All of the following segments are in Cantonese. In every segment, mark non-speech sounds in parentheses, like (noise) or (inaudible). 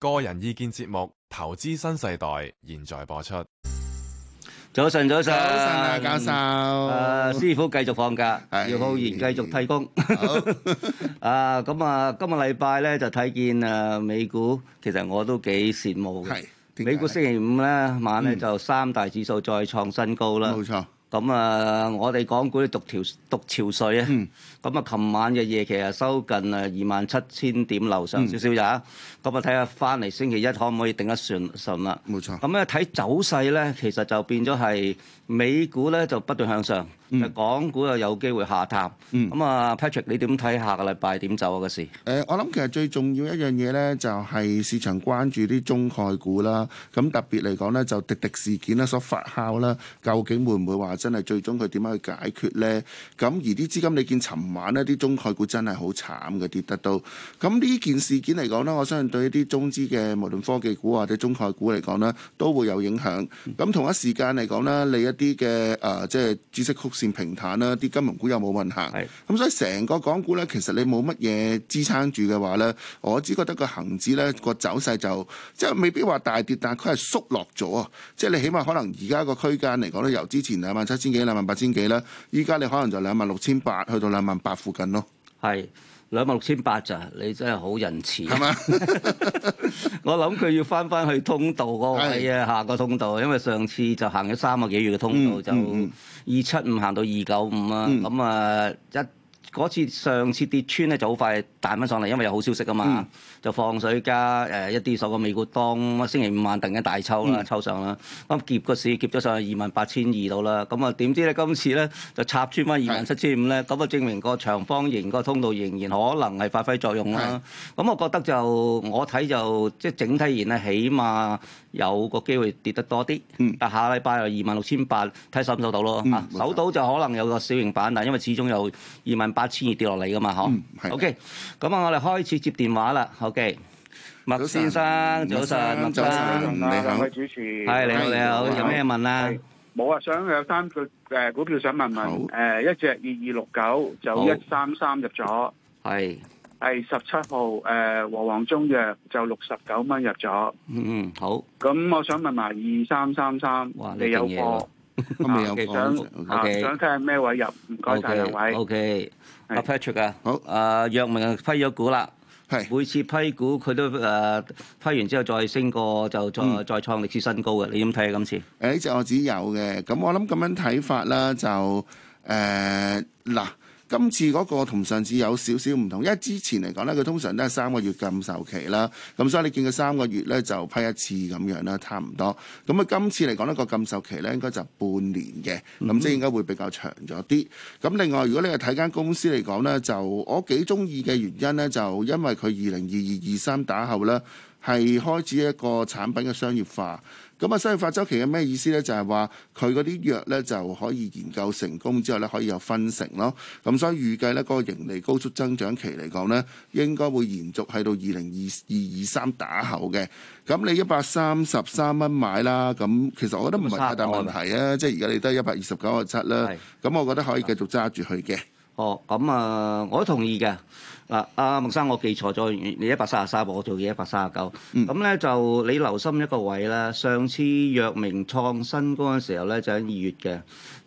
個人意見節目《投資新世代》現在播出。早晨，早晨。早晨啊，教授。誒，師傅繼續放假，姚浩然繼續替工。好。啊，咁啊，今個禮拜咧就睇見誒，美股其實我都幾羨慕嘅。係。美股星期五咧晚咧就三大指數再創新高啦。冇錯。咁啊，我哋港股啲獨潮獨潮水啊！咁啊，琴晚嘅夜期啊收近啊二萬七千點樓上少少咋？咁啊、嗯，睇下翻嚟星期一可唔可以定一船神啦？冇錯。咁咧睇走勢咧，其實就變咗係美股咧就不斷向上。嗯、港股又有機會下探，咁啊、嗯、Patrick 你點睇下個禮拜點走啊個事？誒、呃、我諗其實最重要一樣嘢咧，就係市場關注啲中概股啦。咁特別嚟講咧，就滴滴事件咧所發酵啦，究竟會唔會話真係最終佢點樣去解決咧？咁而啲資金你見尋晚呢啲中概股真係好慘嘅跌得到。咁呢件事件嚟講呢，我相信對一啲中資嘅無論科技股或者中概股嚟講呢，都會有影響。咁、嗯、同一時間嚟講呢，你一啲嘅誒即係知識曲線。漸平坦啦，啲金融股又冇運行，咁是、嗯、所以成個港股咧，其實你冇乜嘢支撐住嘅話咧，我只覺得個恒指咧個走勢就即係未必話大跌，但係佢係縮落咗啊！即係你起碼可能而家個區間嚟講咧，由之前兩萬七千幾、兩萬八千幾啦，依家你可能就兩萬六千八去到兩萬八附近咯。係兩萬六千八咋？你真係好仁慈。係嘛是嗎？ (laughs) (laughs) 我諗佢要翻翻去通道嗰個係啊，下個通道，是因為上次就行咗三個幾月嘅通道就。嗯嗯二七五行到二九五啊，咁啊一嗰次上次跌穿咧就好快彈翻上嚟，因為有好消息啊嘛，嗯、就放水加誒一啲所謂美股當星期五晚突然間大抽啦，抽、嗯、上啦。咁劫個市劫咗上去二萬八千二到啦，咁啊點知咧今次咧就插穿翻二萬七千五咧，咁啊證明個長方形個通道仍然可能係發揮作用啦。咁是我覺得就我睇就即係、就是、整體而言咧，起碼。有個機會跌得多啲，但下禮拜又二萬六千八睇守唔守到咯？守到就可能有個小型版，但因為始終有二萬八千二跌落嚟噶嘛，嗬。O K，咁啊，我哋開始接電話啦。O K，麥先生早晨，麥先生你好，主持人，嗨，你好你好，有咩問啊？冇啊，想有三隻誒股票想問問，誒一隻二二六九就一三三入咗，係。係十七號，誒，和黃中藥就六十九蚊入咗。嗯嗯，好。咁我想問埋二三三三，你有講？我未有講。想，想聽係咩位入？唔該晒兩位。O K，阿 Patrick 啊。好。阿藥明批咗股啦。係。每次批股，佢都誒批完之後再升過，就再再創歷史新高嘅。你點睇啊？今次？誒，呢隻我自己有嘅。咁我諗咁樣睇法啦，就誒嗱。今次嗰個同上次有少少唔同，因為之前嚟講呢，佢通常都係三個月禁售期啦。咁所以你見佢三個月呢，就批一次咁樣啦，差唔多。咁啊，今次嚟講呢個禁售期呢，應該就半年嘅，咁即係應該會比較長咗啲。咁、嗯、另外，如果你係睇間公司嚟講呢，就我幾中意嘅原因呢，就因為佢二零二二二三打後呢，係開始一個產品嘅商業化。咁啊，生物周期嘅咩意思呢？就係話，佢嗰啲藥呢，就可以研究成功之後呢，可以有分成咯。咁所以預計呢個盈利高速增長期嚟講呢，應該會延續喺到二零二二二三打後嘅。咁你一百三十三蚊買啦，咁其實我覺得唔係太大問題啊。即係而家你得一百二十九個七啦，咁我覺得可以繼續揸住去嘅。哦，咁啊，我同意嘅。嗱，阿孟生，我記錯咗，你一百三十三，我做嘢一百三十九。咁咧就你留心一個位啦。上次藥明創新高嗰陣時候咧，就喺二月嘅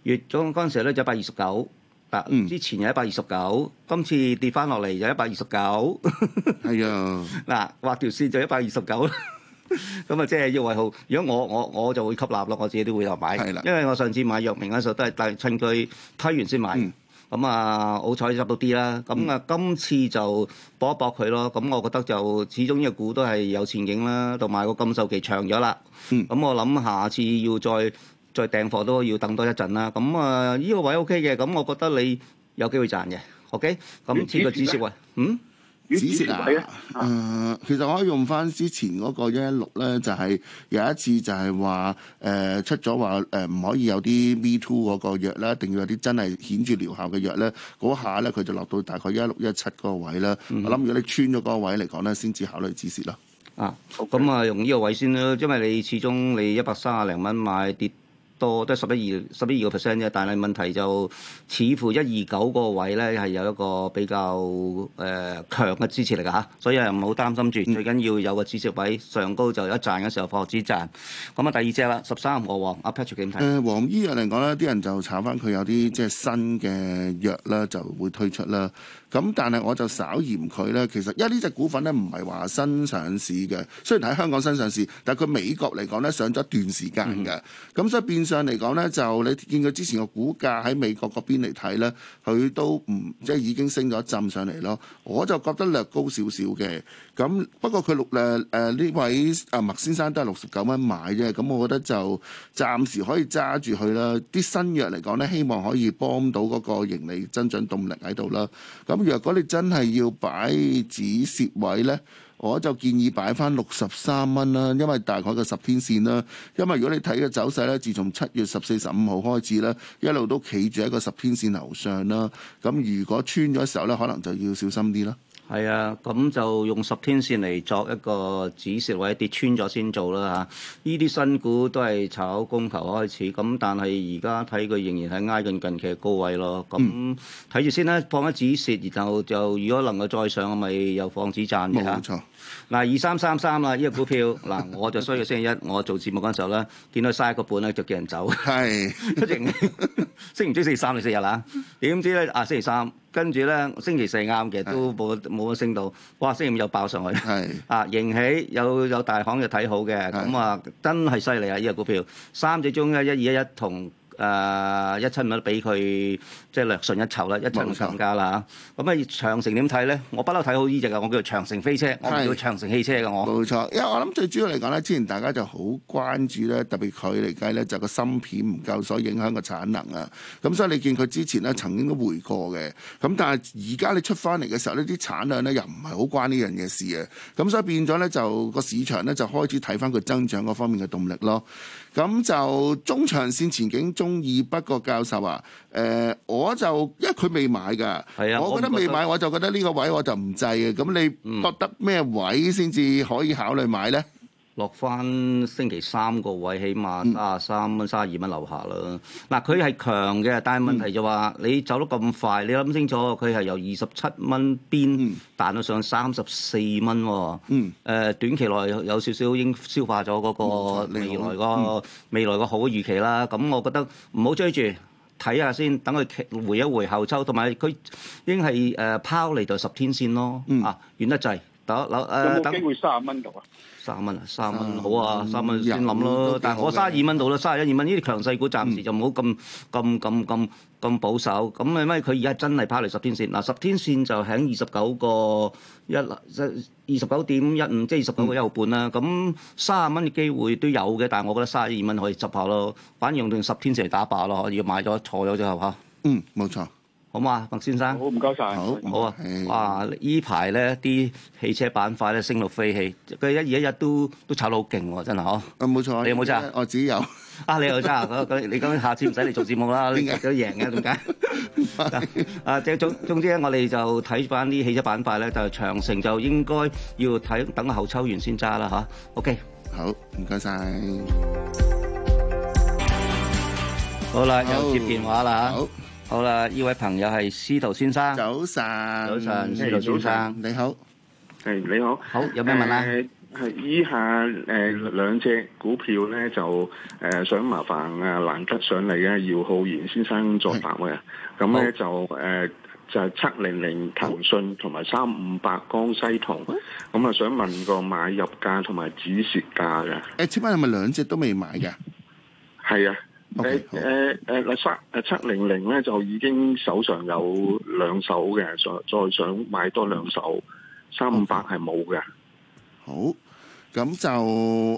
月中嗰陣時候咧，就一百二十九。嗱，之前又一百二十九，今次跌翻落嚟就一百二十九。係啊。嗱，畫條線就一百二十九啦。咁啊，即係要為號。如果我我我就會吸納咯，我自己都會又買。係啦，因為我上次買藥明嗰陣時候都係，但係趁佢推完先買。咁啊，好彩執到啲啦。咁啊、嗯嗯，今次就搏一搏佢咯。咁、嗯、我覺得就始終呢個股都係有前景啦，同埋個禁售期長咗啦。咁、嗯嗯、我諗下次要再再訂貨都要等多一陣啦。咁、嗯、啊，呢個位 O K 嘅，咁、嗯、我覺得你有機會賺嘅。O K，咁貼個止蝕位。嗯。止蝕位啊，嗯，其實可以用翻之前嗰個一一六咧，就係有一次就係話，誒、呃、出咗話，誒唔可以有啲 me too 嗰個藥咧，一定要有啲真係顯著療效嘅藥咧，嗰下咧佢就落到大概一一六一一七個位啦。嗯、我諗如果你穿咗嗰個位嚟講咧，先至考慮止蝕咯。啊，咁、okay。啊用呢個位先啦，因為你始終你一百三啊零蚊買跌。多都係十一二十一二個 percent 啫，但係問題就似乎一二九個位咧係有一個比較誒、呃、強嘅支持力啊嚇，所以又唔好擔心住，嗯、最緊要有個支持位，上高就有一賺嘅時候放止賺。咁啊、嗯、第二隻啦，十三和黃阿 Patrick 點睇？誒黃醫啊嚟講咧，啲人就炒翻佢有啲即係新嘅藥啦，就會推出啦。咁但係我就稍嫌佢咧，其實因為呢隻股份呢，唔係話新上市嘅，雖然喺香港新上市，但係佢美國嚟講呢，上咗一段時間嘅，咁、嗯、所以變相嚟講呢，就你見佢之前個股價喺美國嗰邊嚟睇呢，佢都唔即係已經升咗一陣上嚟咯。我就覺得略高少少嘅，咁不過佢六誒呢位阿麥先生都係六十九蚊買啫，咁我覺得就暫時可以揸住佢啦。啲新藥嚟講呢，希望可以幫到嗰個盈利增長動力喺度啦，咁。若果你真係要擺止蝕位呢，我就建議擺翻六十三蚊啦，因為大概個十天線啦。因為如果你睇嘅走勢呢，自從七月十四十五號開始呢，一路都企住喺個十天線樓上啦。咁如果穿咗時候呢，可能就要小心啲啦。係啊，咁就用十天線嚟作一個止蝕位，或者跌穿咗先做啦嚇。呢啲新股都係炒供求開始，咁但係而家睇佢仍然係挨近近期高位咯。咁睇住先啦，放一止蝕，然後就如果能夠再上，咪又放止賺嘅嚇。冇錯。嗱，二三三三啦，呢個股票嗱， (laughs) (laughs) 我就需要星期一，我做節目嗰陣時候咧，見到嘥個半咧，就叫人走。係，出嚟星期四,四、星期三就四日啦。點知咧？啊，星期三跟住咧，星期四啱嘅都冇冇乜升到，哇！星期五又爆上去。係 (laughs) 啊，迎起有有大行就睇好嘅，咁啊真係犀利啊！呢個股票三隻鐘咧，一二一一同。誒、呃、一七五咧，比佢即係略遜一籌啦，一七五更加啦。咁啊長城點睇咧？我不嬲睇好呢隻㗎，我叫做長城飛車，是 我係長城汽車㗎，我冇錯。因為我諗最主要嚟講咧，之前大家就好關注咧，特別佢嚟計咧，就是、個芯片唔夠所影響個產能啊。咁所以你見佢之前咧曾經都回過嘅。咁但係而家你出翻嚟嘅時候呢啲產量咧又唔係好關呢樣嘢事嘅。咁所以變咗咧，就個市場咧就開始睇翻佢增長嗰方面嘅動力咯。咁就中長線前景。中意不過教授啊，誒、呃、我就因為佢未買噶，係啊的，我覺得未買我就覺得呢個位我就唔制嘅，咁、嗯、你覺得咩位先至可以考慮買咧？落翻星期三個位，起碼卅三蚊、三十二蚊樓下啦。嗱，佢係強嘅，但係問題就話你走得咁快，你諗清楚，佢係由二十七蚊邊彈到上三十四蚊。嗯。誒，短期內有少少已經消化咗嗰個未來個、哦、未來個、嗯、好嘅預期啦。咁我覺得唔好追住，睇下先，等佢回一回後抽，同埋佢已經係誒拋離到十天線咯。嗯、啊，遠得滯。有冇機會三十蚊到啊？三十蚊啊，三十蚊好啊，三十蚊先諗咯。但係我三啊二蚊到啦，三啊一、二蚊。呢啲強勢股暫時就唔好咁咁咁咁咁保守。咁咪乜？佢而家真係跑嚟十天線嗱，十天線就喺二十九個一，二十九點一五，即係二十九個一毫半啦。咁三十蚊嘅機會都有嘅，但係我覺得三啊二蚊可以執下咯。反而用定十天線嚟打霸咯，要買咗錯咗之後嚇。嗯，冇錯。好嘛，麥先生，好唔該曬，好，好啊，哇！呢排咧啲汽車板塊咧升到飛起，佢一二一日都都炒到好勁喎，真係呵，啊冇錯，你有冇揸？我自己有，啊你有揸？咁咁你今次下次唔使嚟做節目啦，點解都贏嘅？點解？啊，總總之咧，我哋就睇翻啲汽車板塊咧，就長城就應該要睇，等後抽完先揸啦嚇。OK，好，唔該曬，好啦，又接電話啦嚇。好啦，呢位朋友係司徒先生。早晨，早晨，司徒先生，你好。係，你好，好，有咩問啊？係以下誒兩隻股票咧，就誒想麻煩啊難得上嚟嘅姚浩然先生作答嘅。咁咧就誒就係七零零騰訊同埋三五八江西銅。咁啊想問個買入價同埋止蝕價嘅。誒，請問係咪兩隻都未買嘅？係啊。誒誒誒，嗱三誒七零零咧就已經手上有兩手嘅，再再想買多兩手，三五百係冇嘅。好。咁就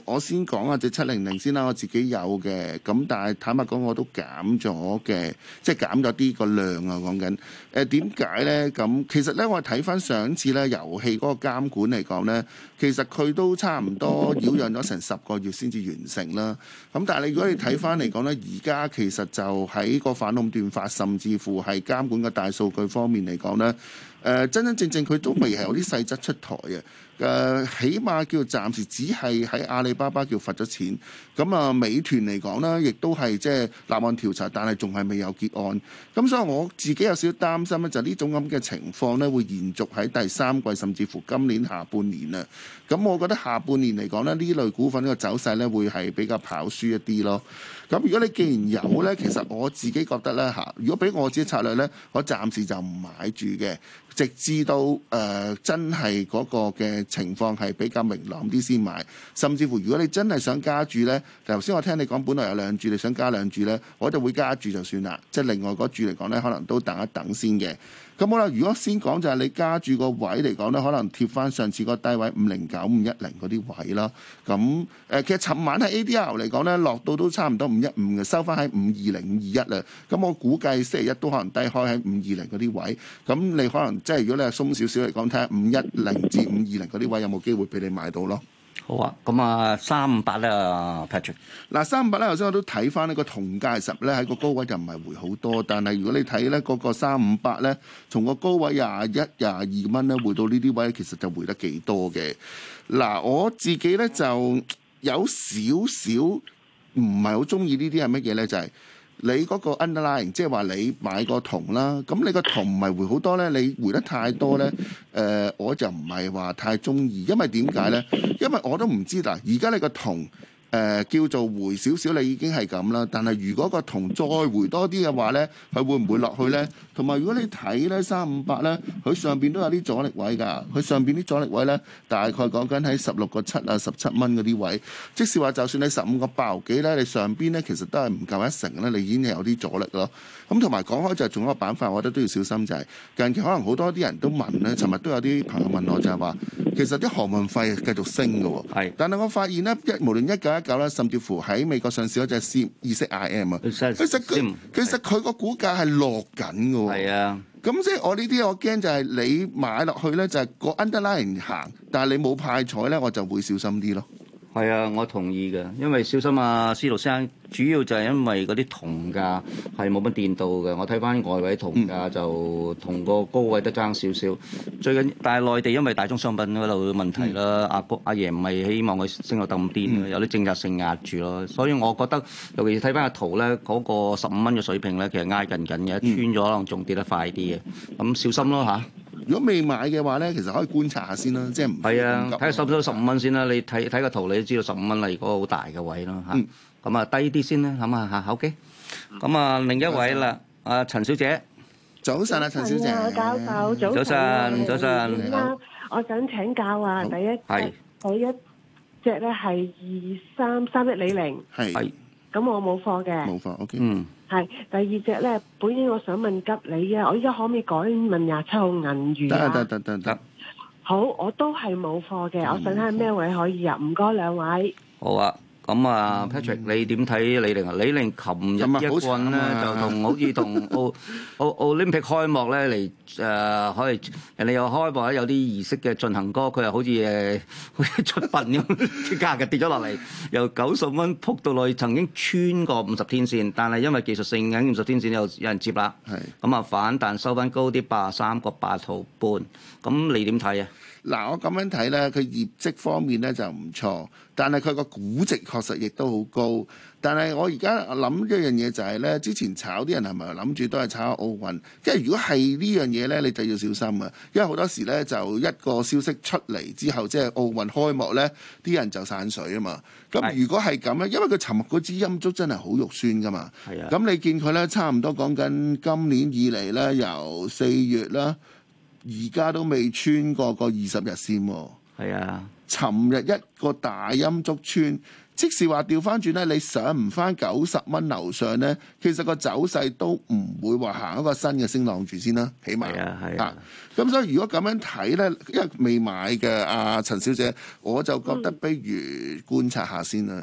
我先講下隻七零零先啦，我自己有嘅，咁但係坦白講我都減咗嘅，即係減咗啲個量啊，講緊。誒點解呢？咁其實呢，我睇翻上次呢遊戲嗰個監管嚟講呢，其實佢都差唔多擾攘咗成十個月先至完成啦。咁但係如果你睇翻嚟講呢，而家其實就喺個反壟斷法，甚至乎係監管嘅大數據方面嚟講呢，誒、呃、真真正正佢都未係有啲細則出台嘅。誒、呃，起碼叫暫時只係喺阿里巴巴叫罰咗錢，咁、嗯、啊，美團嚟講咧，亦都係即係立案調查，但係仲係未有結案。咁、嗯、所以我自己有少少擔心咧，就呢、是、種咁嘅情況呢，會延續喺第三季，甚至乎今年下半年啊。咁、嗯、我覺得下半年嚟講呢，呢類股份呢個走勢呢，會係比較跑輸一啲咯。咁如果你既然有呢，其實我自己覺得呢，嚇，如果俾我自己策略呢，我暫時就唔買住嘅，直至到誒、呃、真係嗰個嘅情況係比較明朗啲先買。甚至乎如果你真係想加住呢，頭先我聽你講本來有兩注，你想加兩注呢，我就會加注就算啦。即係另外嗰注嚟講呢，可能都等一等先嘅。咁好啦，如果先講就係你加住個位嚟講呢，可能貼翻上，上次個低位五零九、五一零嗰啲位啦。咁誒，其實尋晚喺 ADR 嚟講呢，落到都差唔多五一五嘅，收翻喺五二零、五二一啦。咁我估計星期一都可能低開喺五二零嗰啲位。咁你可能即係如果你係鬆少少嚟講，睇下五一零至五二零嗰啲位有冇機會俾你買到咯。好啊，咁啊三五八咧，Patrick，嗱三五八咧，頭先我都睇翻呢個同價十咧喺個高位就唔係回好多，但係如果你睇咧個個三五八咧，從個高位廿一、廿二蚊咧，回到呢啲位，其實就回得幾多嘅。嗱、啊，我自己咧就有少少唔係好中意呢啲係乜嘢咧，就係、是。你嗰個 underline 即係話你買個銅啦，咁你個銅唔係回好多咧，你回得太多咧，誒、呃、我就唔係話太中意，因為點解咧？因為我都唔知嗱，而家你個銅。誒叫做回少少，你已經係咁啦。但係如果個銅再回多啲嘅話呢，佢會唔會落去呢？同埋如果你睇呢三五八呢，佢上邊都有啲阻力位㗎。佢上邊啲阻力位呢，大概講緊喺十六個七啊、十七蚊嗰啲位。即使話就算你十五個八幾呢，你上邊呢其實都係唔夠一成咧，你已經有啲阻力咯。咁同埋講開就係仲有個板塊，我覺得都要小心。就係近期可能好多啲人都問呢，尋日都有啲朋友問我就係話，其實啲航運費繼續升㗎喎。是但係我發現呢，一無論一。甚至乎喺美國上市嗰隻 C 意識 IM 啊，R、M，其實佢其實佢個股價係落緊㗎喎，係啊的，咁即係我呢啲我驚就係你買落去咧就係、是、個 underlying 行，但係你冇派彩咧，我就會小心啲咯。係啊，我同意嘅，因為小心啊，司徒生，主要就係因為嗰啲銅價係冇乜變動嘅。我睇翻外圍銅價就同個高位得爭少少。嗯、最緊，但係內地因為大宗商品嗰度嘅問題啦，阿哥、嗯啊、阿爺唔係希望佢升到咁癲，有啲政策性壓住咯。所以我覺得，尤其是睇翻、個圖咧，嗰個十五蚊嘅水平咧，其實挨近緊嘅，穿咗可能仲跌得快啲嘅。咁、嗯嗯嗯、小心咯吓。如果未買嘅話咧，其實可以觀察下先啦，即係唔係啊？睇下收唔收十五蚊先啦。你睇睇個圖，你都知道十五蚊啦，如果好大嘅位咯嚇。咁啊，低啲先啦，諗下嚇。好嘅。咁啊，另一位啦，阿陳小姐，早晨啊，陳小姐。早晨，早晨。你好，我想請教啊，第一，第一隻咧係二三三一零零。係。咁我冇貨嘅。冇貨，OK。係、sí，第二隻咧，本應我想問吉利嘅，我依家可唔可以改問廿七號銀娛得得得得得， (noise) (noise) 好，我貨都係冇貨嘅，我想睇下咩位可以入，唔該兩位。好啊。咁啊、mm hmm.，Patrick，你點睇李寧啊？李寧琴日一冠咧，嗯啊、就同好似同奧奧奧 lympic 開幕咧嚟誒，可以人哋又開幕咧有啲儀式嘅進行歌，佢又好似誒、呃、好似出殯咁，跌價嘅跌咗落嚟，由九十蚊撲到落去，曾經穿過五十天線，但係因為技術性喺五十天線又有人接啦，係咁啊反彈收翻高啲八十三個八毫半，咁你點睇啊？嗱，我咁樣睇呢，佢業績方面呢就唔錯，但係佢個估值確實亦都好高。但係我而家諗一樣嘢就係呢，之前炒啲人係咪諗住都係炒奧運？即係如果係呢樣嘢呢，你就要小心嘅，因為好多時呢，就一個消息出嚟之後，即係奧運開幕呢，啲人就散水啊嘛。咁如果係咁咧，因為佢尋日嗰支陰燭真係好肉酸㗎嘛。係啊，咁你見佢呢，差唔多講緊今年以嚟呢，由四月啦。而家都未穿過個二十日線喎，係啊！尋日一個大陰燭穿，即使話調翻轉咧，你上唔翻九十蚊樓上咧，其實個走勢都唔會話行一個新嘅升浪住先啦，起碼嚇。咁、啊啊啊、所以如果咁樣睇咧，因為未買嘅阿、啊、陳小姐，我就覺得不如觀察下先啦。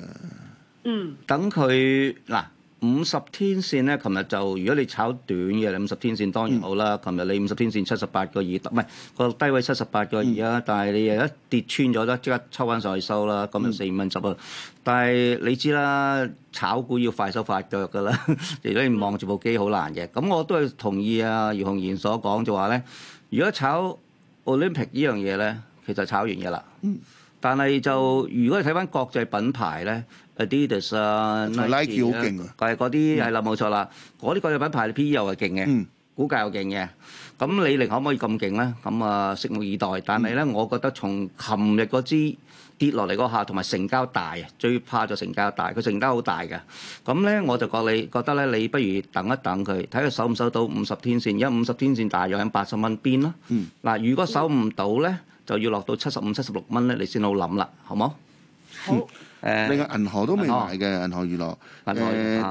嗯，嗯，嗯，等佢嗱。五十天線咧，琴日就如果你炒短嘅，五十天線當然好啦。琴日、嗯、你五十天線七十八個二，唔係個低位七十八個二啊。但係你又一跌穿咗啦，即刻抽翻上去收啦，咁就四五蚊十啦。嗯、但係你知啦，炒股要快手快腳噶啦，而家望住部機好難嘅。咁我都係同意啊，余鴻賢所講就話咧，如果炒 Olympic 呢樣嘢咧，其實炒完噶啦。嗯但係就如果你睇翻國際品牌咧，Adidas、Nike 好勁啊，係嗰啲係啦，冇錯啦，嗰啲國際品牌 P/E 又係勁嘅，估計又勁嘅。咁李寧可唔可以咁勁咧？咁啊，拭目以待。但係咧，我覺得從琴日嗰支跌落嚟嗰下，同埋成交大啊，最怕就成交大。佢成交好大㗎。咁咧，我就覺你覺得咧，你不如等一等佢，睇佢守唔守到五十天線？因為五十天線大約喺八十蚊邊咯。嗱，如果守唔到咧。就要落到七十五、七十六蚊咧，你先好諗啦，好冇？好，你個銀河都未買嘅，銀河娛樂，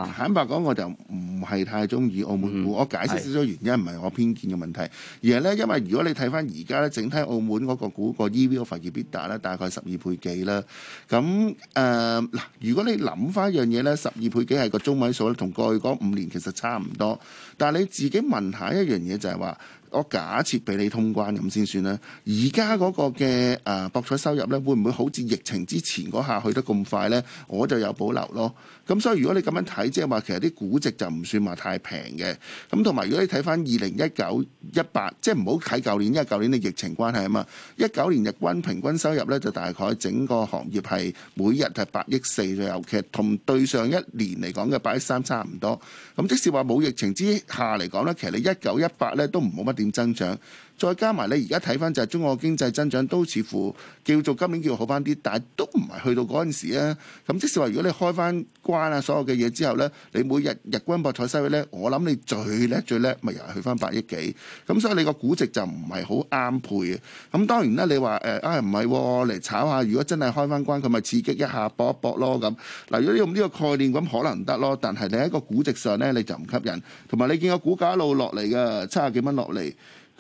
坦白講，我就唔係太中意澳門股。嗯、我解釋少少原因，唔係是我偏見嘅問題，而係咧，因為如果你睇翻而家咧，整體澳門嗰個股個 EV 嗰塊 forward EBITDA 咧，大概十二倍幾啦。咁誒嗱，如果你諗翻一樣嘢咧，十二倍幾係個中位數咧，同過去嗰五年其實差唔多。但係你自己問下一樣嘢，就係、是、話。我假設俾你通關咁先算啦，而家嗰個嘅誒博彩收入咧，會唔會好似疫情之前嗰下去得咁快咧？我就有保留咯。咁所以如果你咁樣睇，即係話其實啲估值就唔算話太平嘅。咁同埋如果你睇翻二零一九一八，即係唔好睇舊年，因為舊年嘅疫情關係啊嘛。一九年日均平均收入咧就大概整個行業係每日係八億四左右，其實同對上一年嚟講嘅八億三差唔多。咁即使話冇疫情之下嚟講咧，其實你一九一八咧都唔冇乜點增長。再加埋你而家睇翻就係中國經濟增長都似乎叫做今年叫好翻啲，但係都唔係去到嗰陣時啊。咁即使話，如果你開翻關啊，所有嘅嘢之後呢，你每日日均博彩收益呢，我諗你最叻最叻咪又係去翻百億幾咁，所以你個估值就唔係好啱配嘅。咁當然啦，你話誒啊唔係嚟炒下，如果真係開翻關佢咪刺激一下搏一搏咯咁。嗱，如果你用呢個概念咁可能得咯，但係你喺個估值上呢，你就唔吸引，同埋你見個股價一路落嚟嘅七十幾蚊落嚟。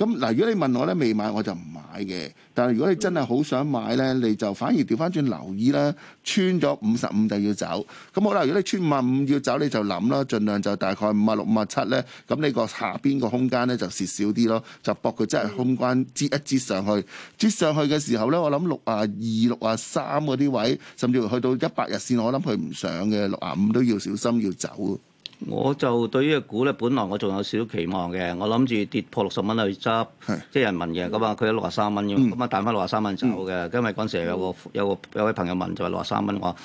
咁嗱，如果你問我咧，未買我就唔買嘅。但係如果你真係好想買咧，你就反而調翻轉留意啦。穿咗五十五就要走。咁好啦，如果你穿五啊五要走，你就諗啦，盡量就大概五啊六、五啊七咧。咁你個下邊個空間咧就蝕少啲咯，就搏佢真係空關擠、嗯、一擠上去。擠上去嘅時候咧，我諗六啊二、六啊三嗰啲位，甚至去到一百日線，我諗佢唔上嘅。六啊五都要小心要走。我就對於個股呢隻股咧，本來我仲有少少期望嘅，我諗住跌破六十蚊去執。是即係人問嘅咁啊，佢喺六十三蚊嘅。咁啊彈翻六十三蚊走嘅。因為嗰陣時有個有個、嗯、有位朋友問就話六十三蚊我。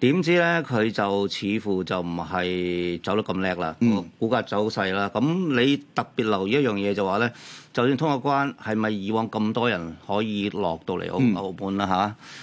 點知咧佢就似乎就唔係走得咁叻啦，股價走勢啦。咁、嗯、你特別留意一樣嘢就話咧，就算通過關，係咪以往咁多人可以落到嚟澳澳門啦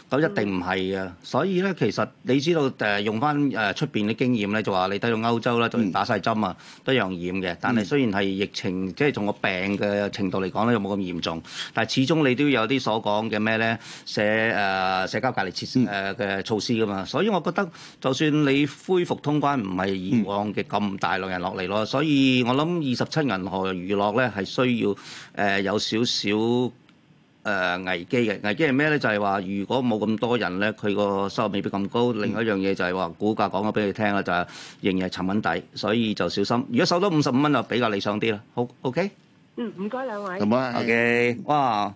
吓，咁、嗯啊、一定唔係嘅。所以咧，其實你知道誒、嗯、用翻誒出邊啲經驗咧，就話你睇到歐洲啦，就算打晒針啊，都一樣染嘅。但係雖然係疫情，即係從個病嘅程度嚟講咧，又冇咁嚴重，但係始終你都有啲所講嘅咩咧，社誒、呃、社交隔離設施誒嘅措施噶嘛。所以我覺得就算你恢復通關，唔係以往嘅咁大量人落嚟咯，所以我諗二十七銀河娛樂咧係需要誒有少少誒危機嘅危機係咩咧？就係話如果冇咁多人咧，佢個收入未必咁高。另一樣嘢就係話，股價講咗俾你聽啦，就係仍然係沉穩底，所以就小心。如果收到五十五蚊就比較理想啲啦。好 OK，嗯，唔該兩位，咁啊，OK，哇！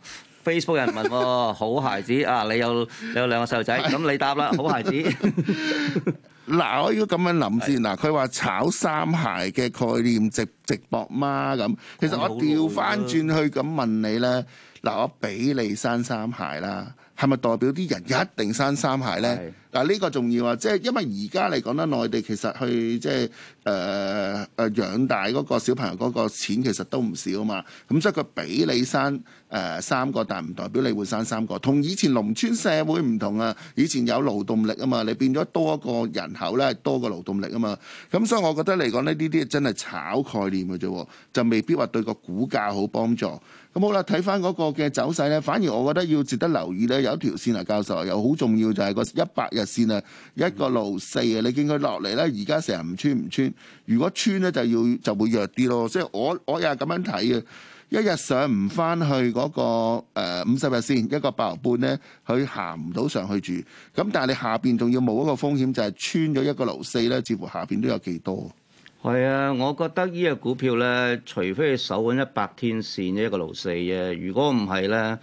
Facebook 人問喎，好孩子 (laughs) 啊！你有你有兩個細路仔，咁 (laughs) 你答啦，好孩子。嗱， (laughs) 我如果咁樣諗先，嗱， (laughs) 佢話炒三鞋嘅概念直直播嗎？咁其實我調翻轉去咁問你咧，嗱，我俾你生三鞋啦，係咪代表啲人一定生三鞋咧？ (laughs) 嗱呢個重要啊，即係因為而家嚟講咧，內地其實去即係誒誒養大嗰個小朋友嗰個錢其實都唔少啊嘛，咁所以佢俾你生誒、呃、三個，但唔代表你會生三個。同以前農村社會唔同啊，以前有勞動力啊嘛，你變咗多一個人口咧，多個勞動力啊嘛。咁、嗯、所以我覺得嚟講咧，呢啲真係炒概念嘅啫，就未必話對個股價好幫助。咁、嗯、好啦，睇翻嗰個嘅走勢咧，反而我覺得要值得留意咧，有一條線啊，教授又好重要，就係個一百日。先啊，一個六四啊，你見佢落嚟咧。而家成日唔穿唔穿，如果穿咧就要就會弱啲咯。即係我我又係咁樣睇啊，一日上唔翻去嗰、那個呃、五十日線一個八毫半咧，佢行唔到上去住。咁但係你下邊仲要冇一個風險，就係、是、穿咗一個六四咧，似乎下邊都有幾多。係啊，我覺得呢個股票咧，除非守穩一百天線一個六四啫。如果唔係咧。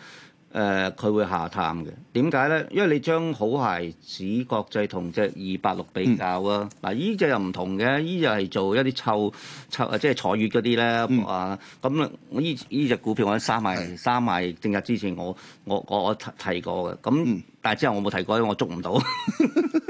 誒佢、呃、會下探嘅，點解咧？因為你將好孩子國際同隻二八六比較啊，嗱依隻又唔同嘅，依隻係做一啲湊湊即係坐月嗰啲咧啊。咁我依依隻股票我三埋三埋，是的 正日之前我我我，我提過嘅，咁、嗯、但係之後我冇提過，因為我捉唔到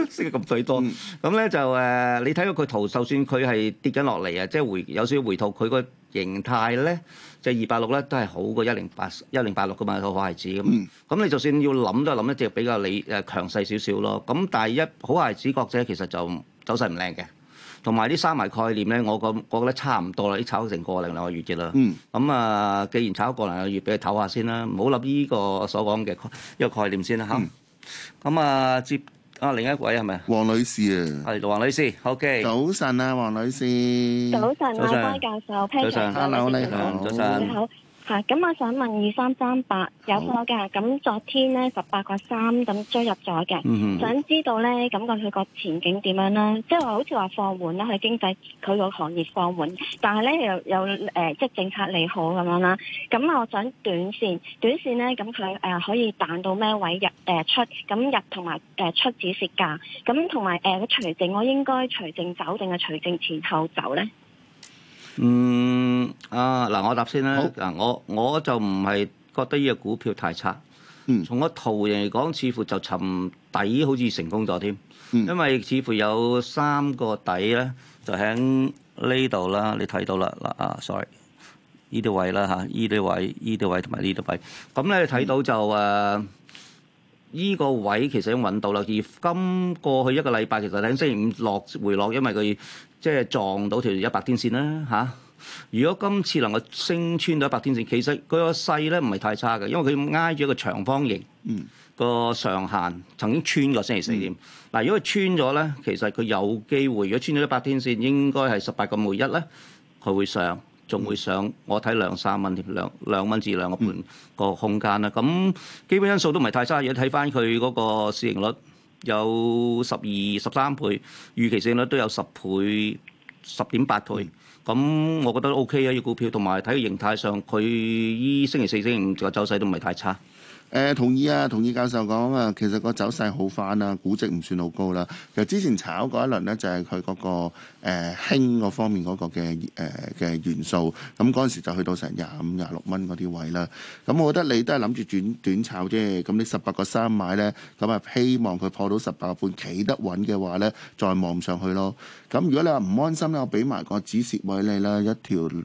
識 (laughs) 得咁水多。咁咧、嗯、就誒、呃，你睇到佢圖，就算佢係跌緊落嚟啊，即係回有少少回吐，佢個形態咧。就二八六咧，都係好過一零八一零八六噶嘛，一個好孩子咁。咁、嗯、你就算要諗都係諗一隻比較你誒強勢少少咯。咁但係一好孩子國債其實就走勢唔靚嘅，同埋啲三孩概念咧，我個覺得差唔多啦，啲炒成個零兩個月嘅啦。咁啊、嗯，既然炒個零兩個月，俾佢唞下先啦，唔好諗呢個所講嘅一個概念先啦。嚇、嗯啊，咁啊接。啊，另一位係咪？啊？黃女士啊，係黃女士。OK，早晨啊，黃女士。早晨啊，潘教授。早晨，hello，你好，早晨。吓，咁我想問二三三八有貨嘅，咁昨天咧十八個三咁追入咗嘅，想知道咧感覺佢個前景點樣啦？即係話好似話放緩啦，佢經濟佢個行業放緩，但係咧又有誒，即係政策利好咁樣啦。咁我想短線短線咧，咁佢誒可以彈到咩位入誒出？咁入同埋誒出止蝕價，咁同埋誒個除淨，我應該除淨走定係除淨前後走咧？嗯啊嗱，我答先啦。嗱好，我我就唔係覺得呢個股票太差。嗯，從個圖形嚟講，似乎就沉底好似成功咗添。嗯、因為似乎有三個底咧，就喺呢度啦。你睇到啦嗱啊，sorry，呢啲位啦嚇，呢啲位、呢啲位同埋呢啲位。咁咧你睇到就誒，依、嗯啊呢個位其實已經揾到啦。而今過去一個禮拜，其實喺星期五落回落，因為佢。即係撞到條一百天線啦嚇、啊！如果今次能夠升穿到一百天線，其實嗰個勢咧唔係太差嘅，因為佢挨住一個長方形個上限，嗯、曾經穿過星期四點。嗱、嗯，如果佢穿咗咧，其實佢有機會。如果穿咗一百天線，應該係十八個每一咧，佢會上，仲會上。嗯、我睇兩三蚊添，兩兩蚊至兩個半個空間啦。咁、嗯嗯、基本因素都唔係太差嘅，睇翻佢嗰個市盈率。有十二十三倍預期市率都有十倍十點八倍，咁我覺得 O K 啊，啲股票同埋睇個形態上，佢依星期四、星期五個走勢都唔係太差。誒同意啊，同意教授講啊，其實個走勢好翻啦，估值唔算好高啦。其實之前炒過一輪呢、那個，就係佢嗰個誒輕嗰方面嗰個嘅誒嘅元素，咁嗰陣時就去到成廿五、廿六蚊嗰啲位啦。咁我覺得你都係諗住轉短炒啫，咁你十八個三買呢，咁啊希望佢破到十八個半企得穩嘅話呢，再望上去咯。咁如果你話唔安心咧，我俾埋個止蝕位你啦，一條誒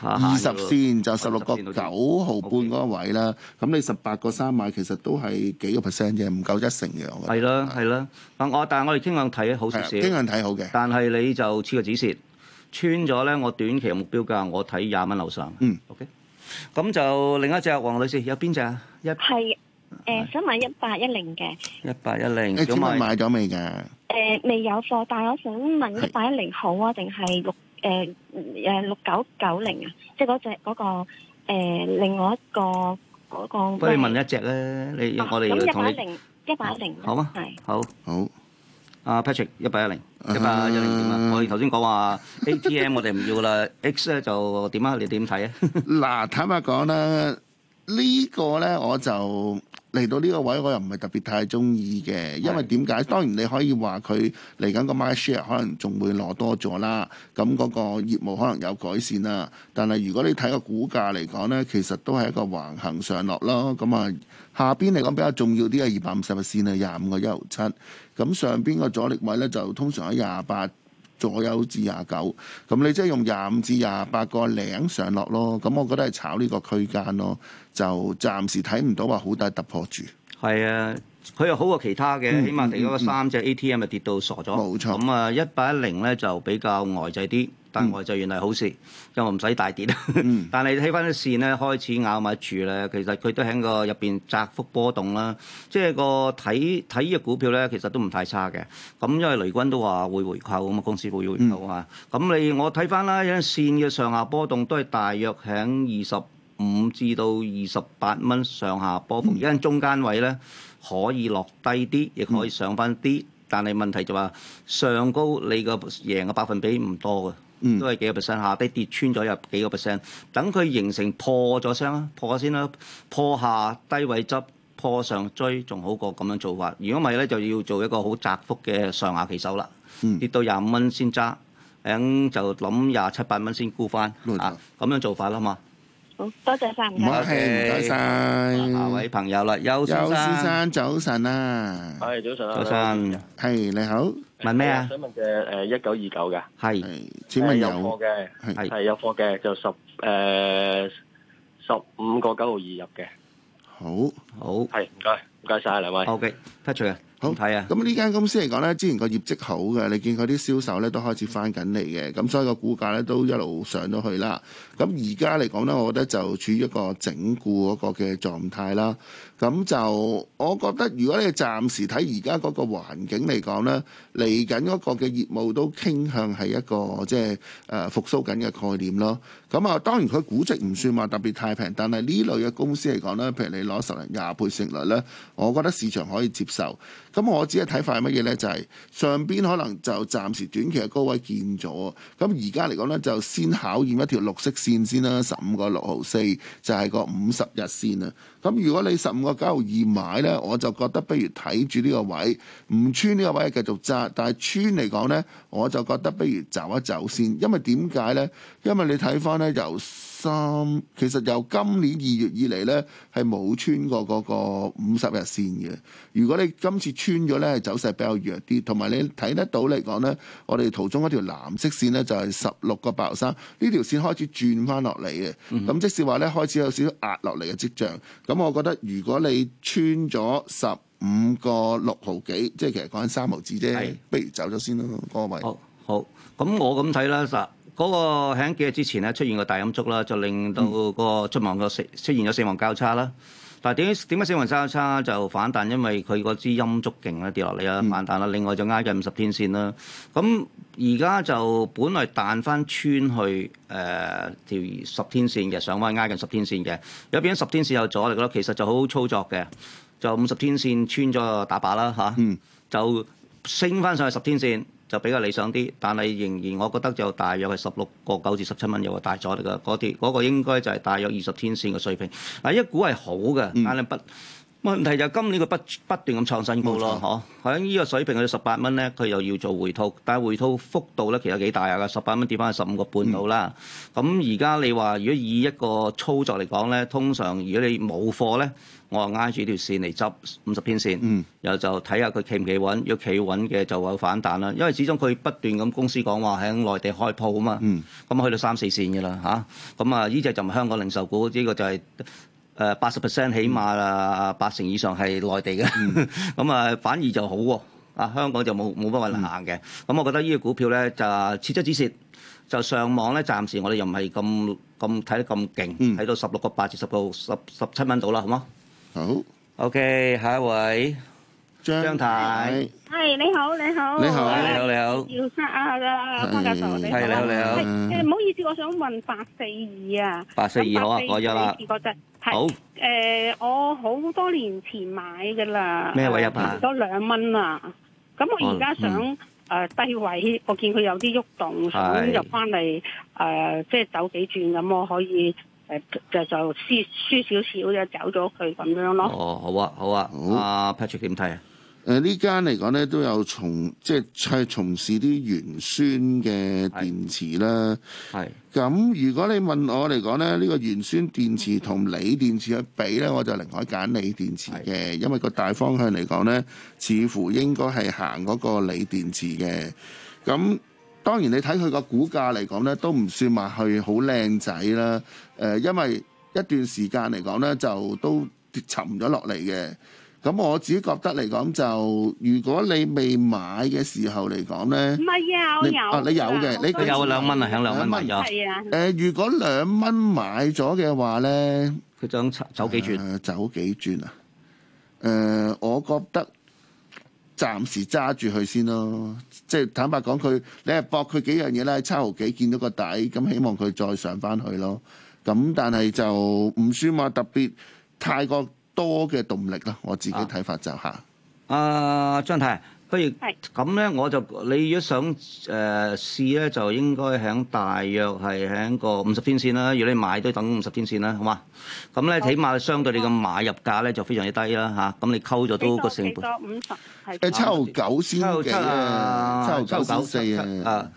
二十線就十六個九毫半嗰個位啦。咁你十八個三買，其實都係幾個 percent 啫，唔夠一成嘅我覺得。係啦，係啦。啊，我但係我哋傾向睇好些，傾向睇好嘅。但係你就似個止蝕穿咗咧，我短期目標價我睇廿蚊樓上。嗯，OK。咁就另一隻黃女士有邊隻啊？一係。誒，想買一八一零嘅，一八一零，你請問買咗未噶？誒，未有貨，但係我想問一八一零好啊，定係六誒誒六九九零啊？即係嗰隻嗰個誒，另外一個嗰個。不如問一隻啦，你我哋一八一零，一八一零，好啊？係好，好。阿 Patrick，一八一零，一八一零點啊？我哋頭先講話 ATM 我哋唔要啦，X 咧就點啊？你點睇啊？嗱，坦白講啦，呢個咧我就。嚟到呢個位我又唔係特別太中意嘅，因為點解？的當然你可以話佢嚟緊個 market share 可能仲會攞多咗啦，咁嗰個業務可能有改善啦。但係如果你睇個股價嚟講呢，其實都係一個橫行上落咯。咁啊，下邊嚟講比較重要啲係二百五十日線啊，廿五個一毫七。咁上邊個阻力位呢，就通常喺廿八左右至廿九，咁你即係用廿五至廿八個零上落咯，咁我覺得係炒呢個區間咯，就暫時睇唔到話好大突破住。係啊，佢又好過其他嘅，嗯、起碼你嗰個三隻 ATM 咪跌到傻咗，冇錯，咁啊一八一零咧就比較呆滯啲，但係呆滯原嚟好事，嗯、因為唔使大跌。嗯、 (laughs) 但係睇翻啲線咧開始咬埋住咧，其實佢都喺個入邊窄幅波動啦。即係個睇睇依個股票咧，其實都唔太差嘅。咁因為雷軍都話會回購咁啊，公司會回購啊。咁、嗯嗯、你我睇翻啦，有啲線嘅上下波動都係大約喺二十五至到二十八蚊上下波幅，而家中間位咧可以落低啲，亦可以上翻啲。但係問題就話上高你個贏嘅百分比唔多嘅，都係幾個 percent。下跌跌穿咗又幾個 percent。等佢形成破咗聲啦，破咗先啦，破下低位執，破上追，仲好過咁樣做法。如果唔係咧，就要做一個好窄幅嘅上下棋手啦。跌到廿五蚊先揸，咁就諗廿七八蚊先沽翻啊。咁樣做法啦嘛。多謝晒唔該，唔該晒。下位朋友啦，邱先生，早晨啊，係早晨，早晨，係你好，問咩啊？想問嘅，誒，一九二九嘅，係，請問有？嘅係係有貨嘅，就十誒十五個九號二入嘅，好，好，係唔該，唔該晒，兩位。O K，Patrick 啊，好睇啊。咁呢間公司嚟講咧，之前個業績好嘅，你見佢啲銷售咧都開始翻緊嚟嘅，咁所以個股價咧都一路上咗去啦。咁而家嚟講呢，我覺得就處於一個整固嗰個嘅狀態啦。咁就我覺得，如果你暫時睇而家嗰個環境嚟講呢，嚟緊嗰個嘅業務都傾向係一個即係誒復甦緊嘅概念咯。咁啊，當然佢估值唔算話特別太平，但係呢類嘅公司嚟講呢，譬如你攞十零廿倍市盈率呢，我覺得市場可以接受。咁我只係睇法乜嘢呢？就係、是、上邊可能就暫時短期嘅高位見咗。咁而家嚟講呢，就先考驗一條綠色線先啦，十五個六毫四就係個五十日線啦。咁如果你十五個九毫二買呢，我就覺得不如睇住呢個位，唔穿呢個位繼續揸。但係穿嚟講呢，我就覺得不如走一走先，因為點解呢？因為你睇返呢由。三其實由今年二月以嚟呢，係冇穿過嗰個五十日線嘅。如果你今次穿咗呢，係走勢比較弱啲。同埋你睇得到嚟講呢，我哋途中一條藍色線呢，就係十六個八毫三呢條線開始轉翻落嚟嘅。咁即使話呢，開始有少少壓落嚟嘅跡象。咁我覺得如果你穿咗十五個六毫幾，即係其實講緊三毫紙啫，是不如走咗先啦。各位。好好，咁我咁睇啦，嗰個喺幾日之前咧出現個大陰燭啦，就令到個出亡個死出現咗死亡交叉啦。但係點點解死亡交叉就反彈？因為佢個支陰燭勁啦，跌落嚟啊，反彈啦。另外就挨近五十天線啦。咁而家就本來彈翻穿去誒、呃、條十天線嘅上翻挨近十天線嘅，有邊十天線有阻力囉，其實就好好操作嘅，就五十天線穿咗個打靶啦嚇、啊，就升翻上去十天線。就比較理想啲，但係仍然我覺得就大約係十六個九至十七蚊有個大阻力嚟㗎，嗰啲嗰個應該就係大約二十天線嘅水平。嗱，一股係好嘅，但係不。嗯問題就係今年佢不不斷咁創新高咯，嗬錯！喺呢、嗯、個水平去到十八蚊咧，佢又要做回吐。但係回吐幅度咧其實幾大下噶，十八蚊跌翻去十五個半到啦。咁而家你話如果以一個操作嚟講咧，通常如果你冇貨咧，我係挨住條線嚟執五十天線，然後、嗯、就睇下佢企唔企穩，如果企穩嘅就有反彈啦。因為始終佢不斷咁公司講話喺內地開鋪啊嘛，咁、嗯、去到三四線嘅啦嚇。咁、嗯、啊，呢隻就係香港零售股，呢、這個就係、是。誒八十 percent 起碼啦，八成以上係內地嘅，咁啊反而就好喎、啊。啊香港就冇冇乜運能行嘅，咁、嗯、我覺得呢個股票咧就切咗止蝕，就上網咧暫時我哋又唔係咁咁睇得咁勁，睇、嗯、到十六個八至十個十十七蚊到啦，好嗎？好。OK，下一位。張太，係你好，你好，你好，你好，你好，要測下啦，潘教授，你好，你好，唔好意思，我想問八四二啊，八四二好啊，我入啦，好，誒，我好多年前買嘅啦，咩位入啊？跌咗兩蚊啊，咁我而家想誒低位，我見佢有啲喐動，想入翻嚟誒，即係走幾轉咁，我可以誒就就輸輸少少啫，走咗佢咁樣咯。哦，好啊，好啊，阿 Patrick 點睇啊？誒呢間嚟講咧，都有從即係從事啲鉛酸嘅電池啦。係是。咁如果你問我嚟講咧，呢是個鉛酸電池同鋰電池嘅比咧，是我就寧可揀鋰電池嘅，是因為個大方向嚟講咧，似乎應該係行嗰個鋰電池嘅。咁當然你睇佢個股價嚟講咧，都唔算話係好靚仔啦。誒、呃，因為一段時間嚟講咧，就都沉咗落嚟嘅。咁我自己覺得嚟講就，如果你未買嘅時候嚟講咧，唔係啊，你有啊，你有嘅，你有兩蚊啊，響兩蚊買咗。係啊。誒，如果兩蚊買咗嘅話咧，佢將走幾轉？誒、啊，走幾轉啊？誒、啊，我覺得暫時揸住佢先咯。即係坦白講，佢你係搏佢幾樣嘢咧，差毫幾見到個底，咁希望佢再上翻去咯。咁但係就唔算話特別太過。泰國多嘅動力啦，我自己睇法就嚇。啊，張太，太，不如咁咧，我就是你如果想誒試咧，就應該喺大約係喺一個五十天線啦。如果你買都等五十天線啦，好嘛？咁咧起碼相對你嘅買入價咧就非常之低啦嚇。咁、啊、你溝咗都個成本。跌咗五十，係七號九先啊？七號九四啊。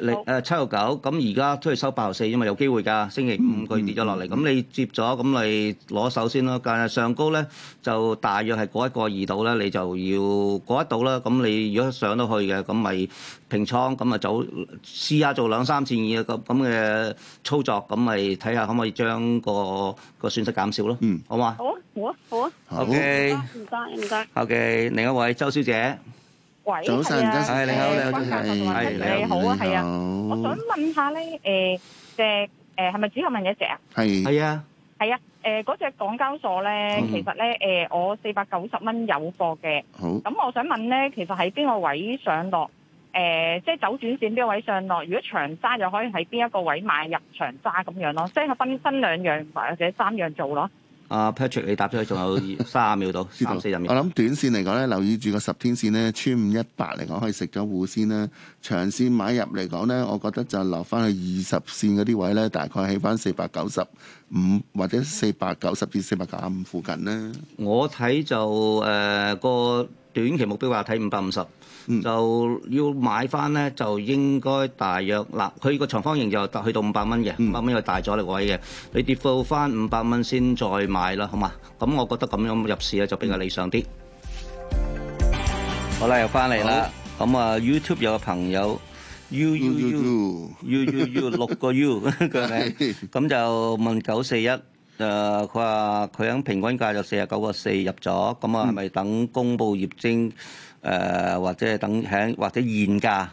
嚟誒七號九，咁而家都係收八號四，因為有機會㗎。星期五佢跌咗落嚟，咁你接咗咁嚟攞手先咯。但係上高咧就大約係過一個二度啦，你就要過一度啦。咁你如果上到去嘅，咁咪平倉，咁咪走試下做兩三次嘅咁咁嘅操作，咁咪睇下可唔可以將個個損失減少咯。好嘛？好啊，好啊，好啊。O K，唔該唔該。O K，另一位周小姐。喂早晨，早晨、啊，你、嗯、好，你好，你好，你好，你好。我想問下咧，誒只誒，係咪只有問一隻啊？係，係啊，係、呃、啊，誒嗰隻港交所咧，其實咧誒、呃，我四百九十蚊有貨嘅。咁、嗯、我想問咧，其實喺邊個位上落？誒、呃，即、就、係、是、走轉線邊個位上落？如果長揸就可以喺邊一個位買入長揸咁樣咯，即係分分兩樣或者三樣做咯。阿 Patrick，你答咗，仲有三十秒到，三四十秒。我諗短線嚟講咧，留意住個十天線咧，穿五一八嚟講可以食咗護先啦。長線買入嚟講咧，我覺得就留翻去二十線嗰啲位咧，大概喺翻四百九十五或者四百九十至四百九十五附近咧。我睇，就誒、呃那個。短期目標話睇五百五十，就要買翻咧，就應該大約。嗱，佢個長方形就去到五百蚊嘅，五百蚊又大咗啲位嘅，你跌翻五百蚊先再買啦，好嘛？咁我覺得咁樣入市咧就比較理想啲。好啦，又翻嚟啦，咁啊 YouTube 有個朋友，U U U U U U U 六個 U 嘅，咁就問九四一。誒佢話佢喺平均價就四十九個四入咗，咁啊係咪等公布業績誒、呃、或者等喺或者現價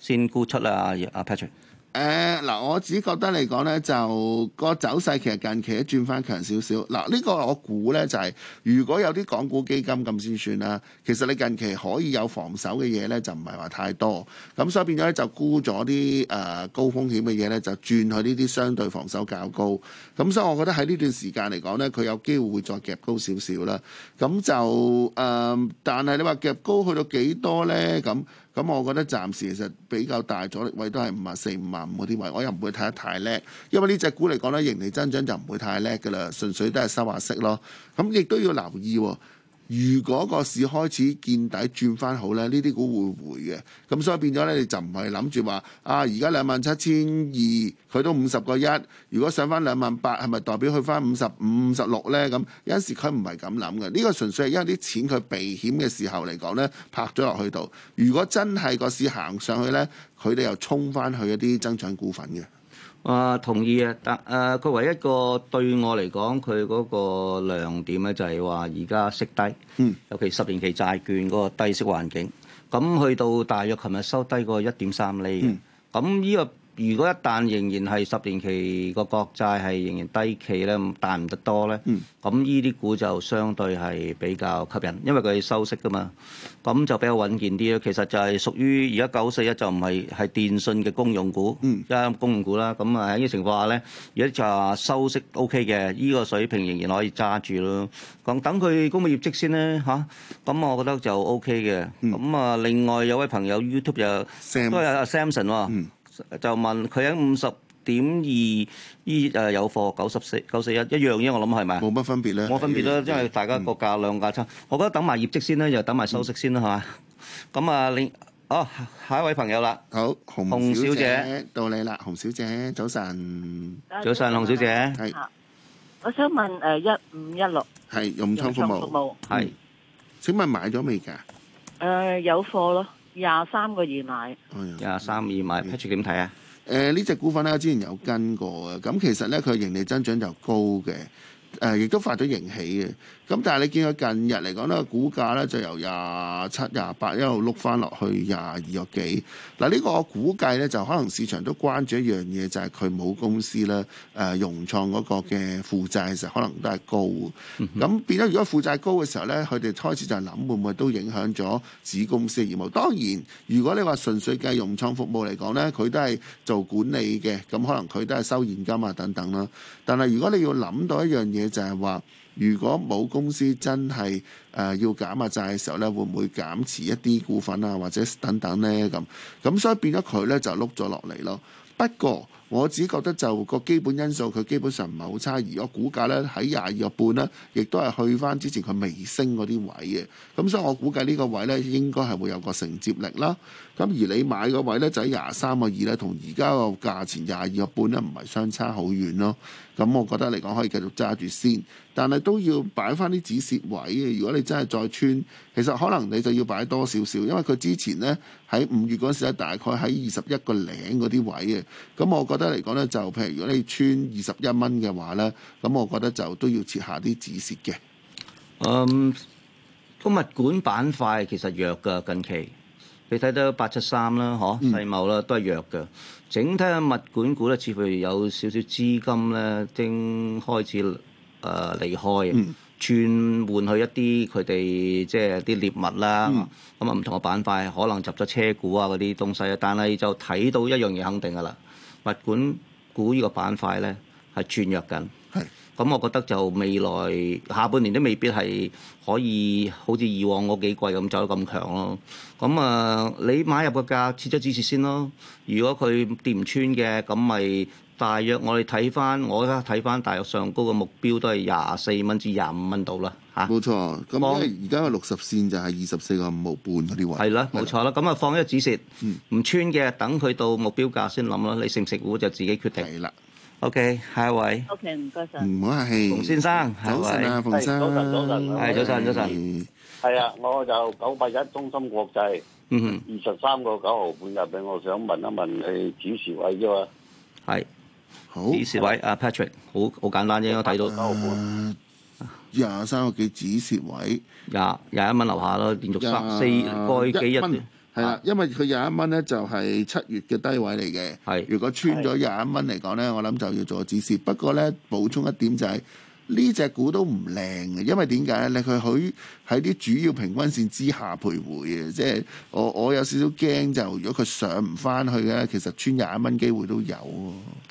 先沽出啊？阿是、啊、Patrick。誒嗱、呃，我自己覺得嚟講呢，就個走勢其實近期都轉翻強少少。嗱，呢個我估呢、就是，就係如果有啲港股基金咁先算啦。其實你近期可以有防守嘅嘢呢，就唔係話太多。咁所以變咗呢，就沽咗啲誒高風險嘅嘢呢，就轉去呢啲相對防守較高。咁所以，我覺得喺呢段時間嚟講呢，佢有機會會再夾高少少啦。咁就誒、呃，但係你話夾高去到幾多呢？咁？咁我覺得暫時其實比較大阻力位都係五萬四、五萬五嗰啲位，我又唔會睇得太叻，因為呢隻股嚟講咧，盈利增長就唔會太叻㗎喇，純粹都係收下息咯。咁亦都要留意。如果個市開始見底轉翻好呢，呢啲股會回嘅，咁所以變咗呢，你就唔係諗住話啊，而家兩萬七千二佢都五十個一，如果上翻兩萬八，係咪代表去翻五十五五十六呢？咁有陣時佢唔係咁諗嘅，呢個純粹係因為啲錢佢避險嘅時候嚟講呢，拍咗落去度。如果真係個市行上去呢，佢哋又衝翻去一啲增長股份嘅。啊，同意啊，但誒，佢唯一一個對我嚟講，佢嗰個亮點咧，就係話而家息低，嗯，尤其十年期債券嗰個低息環境，咁去到大約琴日收低個一點三厘，嗯，咁呢、呢個。如果一旦仍然係十年期個國債係仍然低企咧，咁但唔得多咧，咁依啲股就相對係比較吸引，因為佢收息噶嘛，咁就比較穩健啲咯。其實就係屬於而家九四一就唔係係電信嘅公用股，一啲公用股啦。咁啊喺依個情況下咧，而家就話收息 O K 嘅，依個水平仍然可以揸住咯。咁等佢公布業績先咧嚇，咁我覺得就 O K 嘅。咁啊，另外有位朋友 YouTube 有，都係阿 Samson 喎。就問佢喺五十點二依誒有貨九十四九四一一樣啫，我諗係咪？冇乜分別咧。冇分別啦，因為大家個價兩價差。我覺得等埋業績先啦，又等埋收息先啦，係嘛？咁啊，你哦下一位朋友啦。好，洪洪小姐到你啦，洪小姐早晨。早晨，洪小姐。係。我想問誒一五一六。係融創服務。服務係。請問買咗未㗎？誒有貨咯。廿三個二買，買，廿三二買 Patrick 點睇啊？誒呢隻股份咧，之前有跟過嘅，咁、嗯、其實咧佢盈利增長就高嘅，誒亦都發咗盈喜嘅。咁但係你見佢近日嚟講咧，股價呢就由廿七、廿八一路碌翻落去廿二個幾。嗱呢個我估計呢，就可能市場都關注一樣嘢，就係佢母公司呢。誒、呃、融創嗰個嘅負債其實可能都係高。咁、嗯、哼變咗如果負債高嘅時候呢，佢哋開始就係諗會唔會都影響咗子公司業務。當然，如果你話純粹計融創服務嚟講呢，佢都係做管理嘅，咁可能佢都係收現金啊等等啦。但係如果你要諗到一樣嘢，就係話，如果冇公司真係誒、呃、要減啊債嘅時候呢，會唔會減持一啲股份啊，或者等等呢？咁咁所以變咗佢呢，就碌咗落嚟咯。不過我只覺得就個基本因素佢基本上唔係好差，而果股價呢喺廿二個半呢，亦都係去翻之前佢未升嗰啲位嘅。咁所以我估計呢個位呢，應該係會有個承接力啦。咁而你買嗰位呢，就喺廿三個二呢，同而家個價錢廿二個半呢，唔係相差好遠咯。咁我覺得嚟講可以繼續揸住先。但係都要擺翻啲止蝕位嘅。如果你真係再穿，其實可能你就要擺多少少，因為佢之前呢，喺五月嗰時咧，大概喺二十一個零嗰啲位嘅。咁我覺得嚟講呢，就譬如如果你穿二十一蚊嘅話呢，咁我覺得就都要設下啲止蝕嘅。嗯，物管板塊其實弱嘅近期，你睇到八七三啦，嗬、嗯、世茂啦都係弱嘅。整體嘅物管股咧，似乎有少少資金呢，正開始。誒離開，轉換去一啲佢哋即係啲獵物啦，咁啊唔同嘅板塊可能集咗車股啊嗰啲東西啊，但係就睇到一樣嘢肯定㗎喇，物管股呢個板塊咧係轉弱緊。係。咁我覺得就未來下半年都未必係可以好似以往嗰幾季咁走得咁強咯。咁啊，你買入個價，設咗止蝕先咯。如果佢跌唔穿嘅，咁咪大約我哋睇翻，我睇翻大約上高嘅目標都係廿四蚊至廿五蚊到啦。嚇，冇錯。咁我而家嘅六十線就係二十四個五毫半嗰啲位。係啦方，冇方錯啦。咁啊，放一個止蝕，唔的穿嘅等佢到目標價先諗啦。你成食糊就自己決定啦。O.K. 下一位，O.K. 唔該曬，唔好客氣。馮先生，早晨啊，馮生，早晨早晨，係早晨早晨。係啊，我就九八一中芯國際，嗯嗯，二十三個九毫半入嚟，我想問一問誒止蝕位啫嘛，係，好。止蝕位阿 Patrick，好好簡單啫，我睇到九毫半，廿三個幾止蝕位，廿廿一蚊樓下咯，連續三四個幾一。係啦，因為佢廿一蚊咧就係七月嘅低位嚟嘅。係是，如果穿咗廿一蚊嚟講咧，的我諗就要做指示。不過咧，補充一點就係、是、呢隻股都唔靚嘅，因為點解咧？佢喺喺啲主要平均線之下徘徊嘅，即係我我有少少驚，就如果佢上唔返去嘅，其實穿廿一蚊機會都有。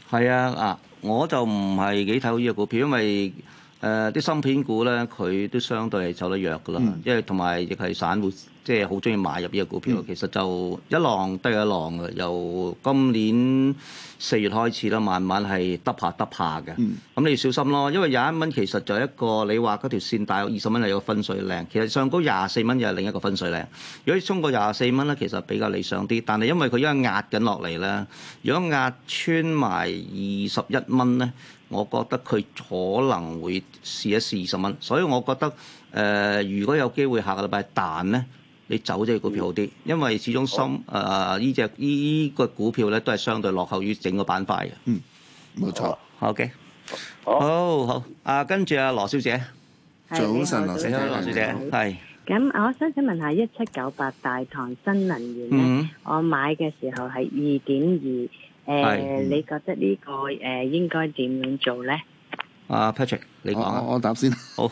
係啊，啊，我就唔係幾睇好呢個股票，因為誒啲、呃、芯片股咧，佢都相對係走得弱噶啦，因為同埋亦係散戶。即係好中意買入呢個股票、嗯、其實就一浪低一浪啊！由今年四月開始啦，慢慢係耷下耷下嘅。咁、嗯、你要小心咯，因為廿一蚊其實就一個你話嗰條線，大約二十蚊係一個分水嶺。其實上高廿四蚊又係另一個分水嶺。如果衝過廿四蚊咧，其實比較理想啲。但係因為佢而家壓緊落嚟啦，如果壓穿埋二十一蚊咧，我覺得佢可能會試一試二十蚊。所以我覺得誒、呃，如果有機會下個禮拜彈咧。你走咗股票好啲，因為始終深誒呢隻呢個股票咧都係相對落後於整個板塊嘅。嗯，冇錯。OK，好好，啊跟住阿羅小姐，早晨，早晨，羅小姐，係。咁我想請問下一七九八大唐新能源咧，我買嘅時候係二點二，誒你覺得呢個誒應該點樣做咧？啊 Patrick。你哦、我我答先好，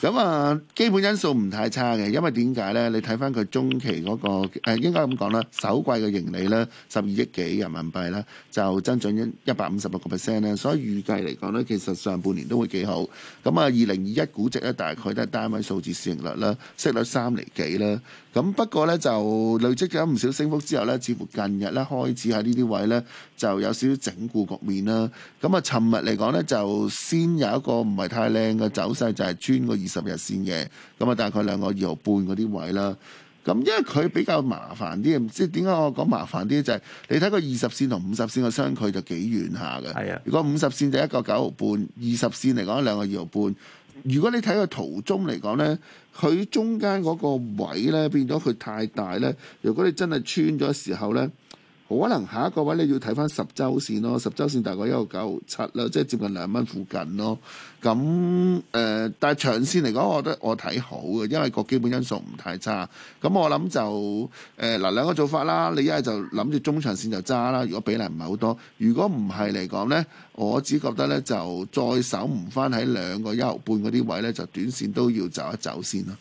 咁 (laughs) 啊基本因素唔太差嘅，因為點解咧？你睇翻佢中期嗰、嗰個誒，應該咁講啦，首季嘅盈利咧，十二億幾人民幣啦，就增長一一百五十六個 percent 咧，所以預計嚟講咧，其實上半年都會幾好。咁啊，二零二一估值咧，大概都係單位數字市盈率啦，息率三厘幾啦。咁不過咧就累積咗唔少升幅之後咧，似乎近日咧開始喺呢啲位咧就有少少整固局面啦。咁啊，尋日嚟講咧就先有一個唔唔係太靚嘅走勢，就係穿個二十日線嘅咁啊。大概兩個二毫半嗰啲位啦。咁因為佢比較麻煩啲，唔知點解我講麻煩啲就係、是、你睇個二十線同五十線嘅相距就幾遠下嘅。係啊，如果五十線就一個九毫半，二十線嚟講兩個二毫半。如果你睇個途中嚟講呢，佢中間嗰個位呢變咗佢太大呢。如果你真係穿咗時候呢。可能下一個位你要睇翻十週線咯，十週線大概一個九七啦，即係接近兩蚊附近咯。咁、嗯、誒、呃，但係長線嚟講，我覺得我睇好嘅，因為個基本因素唔太差。咁、嗯、我諗就誒嗱、呃、兩個做法啦。你一係就諗住中長線就揸啦。如果比例唔係好多，如果唔係嚟講呢，我只覺得呢就再守唔翻喺兩個一毫半嗰啲位呢，就短線都要走一走先啦。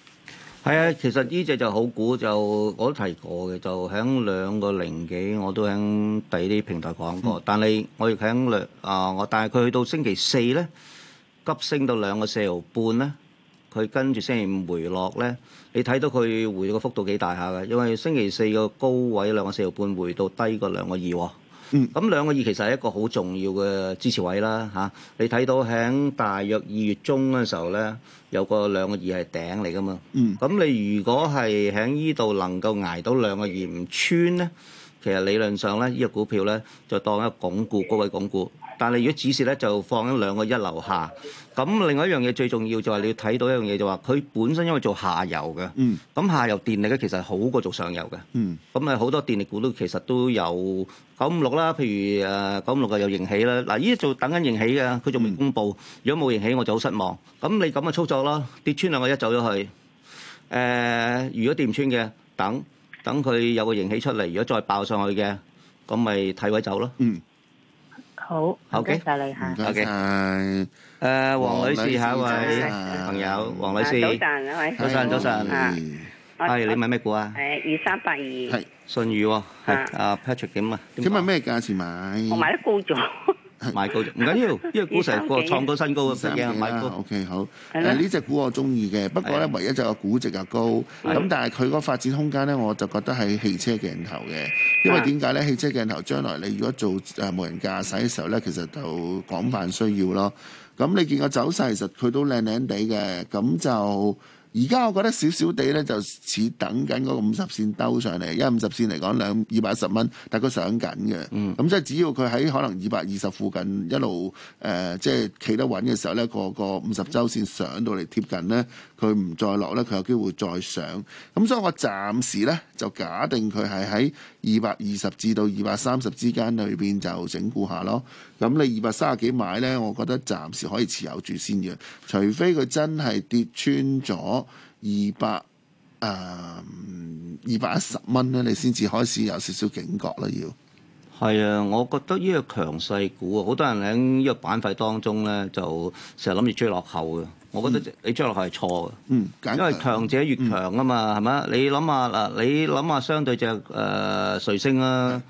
係啊，其實呢隻就好估，就我都提過嘅，就喺兩個零幾，我都喺第啲平台講過。嗯、但係我亦喺略啊，我、呃、但係佢去到星期四咧，急升到兩個四毫半咧，佢跟住星期五回落咧，你睇到佢回咗個幅度幾大下嘅，因為星期四個高位兩個四毫半，回到低過兩個二喎。咁、嗯、兩個二其實係一個好重要嘅支持位啦，嚇、啊！你睇到喺大約二月中嘅時候咧，有個兩個二係頂嚟噶嘛。咁、嗯、你如果係喺依度能夠挨到兩個二唔穿咧，其實理論上咧，呢、呢個股票咧就當一個鞏固，高位鞏固。但係如果指示咧，就放喺兩個一樓下。咁另外一樣嘢最重要就係你要睇到一樣嘢，就話佢本身因為做下游嘅，咁下游電力咧其實好過做上游嘅。咁咪好多電力股都其實都有九五六啦，譬如誒九五六啊，有盈喜啦。嗱，依啲做等緊盈喜嘅，佢仲未公佈。如果冇盈喜，我就好失望。咁你咁嘅操作咯，跌穿兩個一走咗去。誒，如果跌唔穿嘅，等等佢有個盈喜出嚟，如果再爆上去嘅，咁咪睇位走咯。嗯。好，多謝你吓，多謝。誒，黃女士下一位朋友，黃女士，早晨，早晨，早晨。係你買咩股啊？誒，二三八二，係信譽喎。啊，Patrick 點啊？請問咩價錢買？我買得高咗。賣高啫，唔緊要，因為股成日過創個新高啊！成日賣高，OK 好。誒呢的、啊、隻股我中意嘅，不過咧的唯一就係個估值又高，咁的但係佢個發展空間咧，我就覺得係汽車鏡頭嘅，因為點解咧？汽車鏡頭將來你如果做誒無人駕駛嘅時候咧，其實就廣泛需要咯。咁你見個走勢，其實佢都靚靚地嘅，咁就。而家我覺得少少地咧，就似等緊嗰五十線兜上嚟，因為五十線嚟講兩二百一十蚊，但係佢上緊嘅，咁、嗯、即係只要佢喺可能二百二十附近一路誒、呃，即係企得穩嘅時候咧，個個五十周線上到嚟貼近咧，佢唔再落咧，佢有機會再上。咁所以我暫時咧就假定佢係喺二百二十至到二百三十之間裏邊就整固下咯。咁你二百三十幾買咧，我覺得暫時可以持有住先嘅，除非佢真係跌穿咗二百誒二百一十蚊咧，你先至開始有少少警覺啦。要係啊，我覺得呢個強勢股啊，好多人喺呢個板塊當中咧，就成日諗住追落後嘅。我覺得你追落後係錯嘅，嗯，因為強者越強啊嘛，係咪啊？你諗下嗱，你諗下相對隻誒、呃、瑞星啊。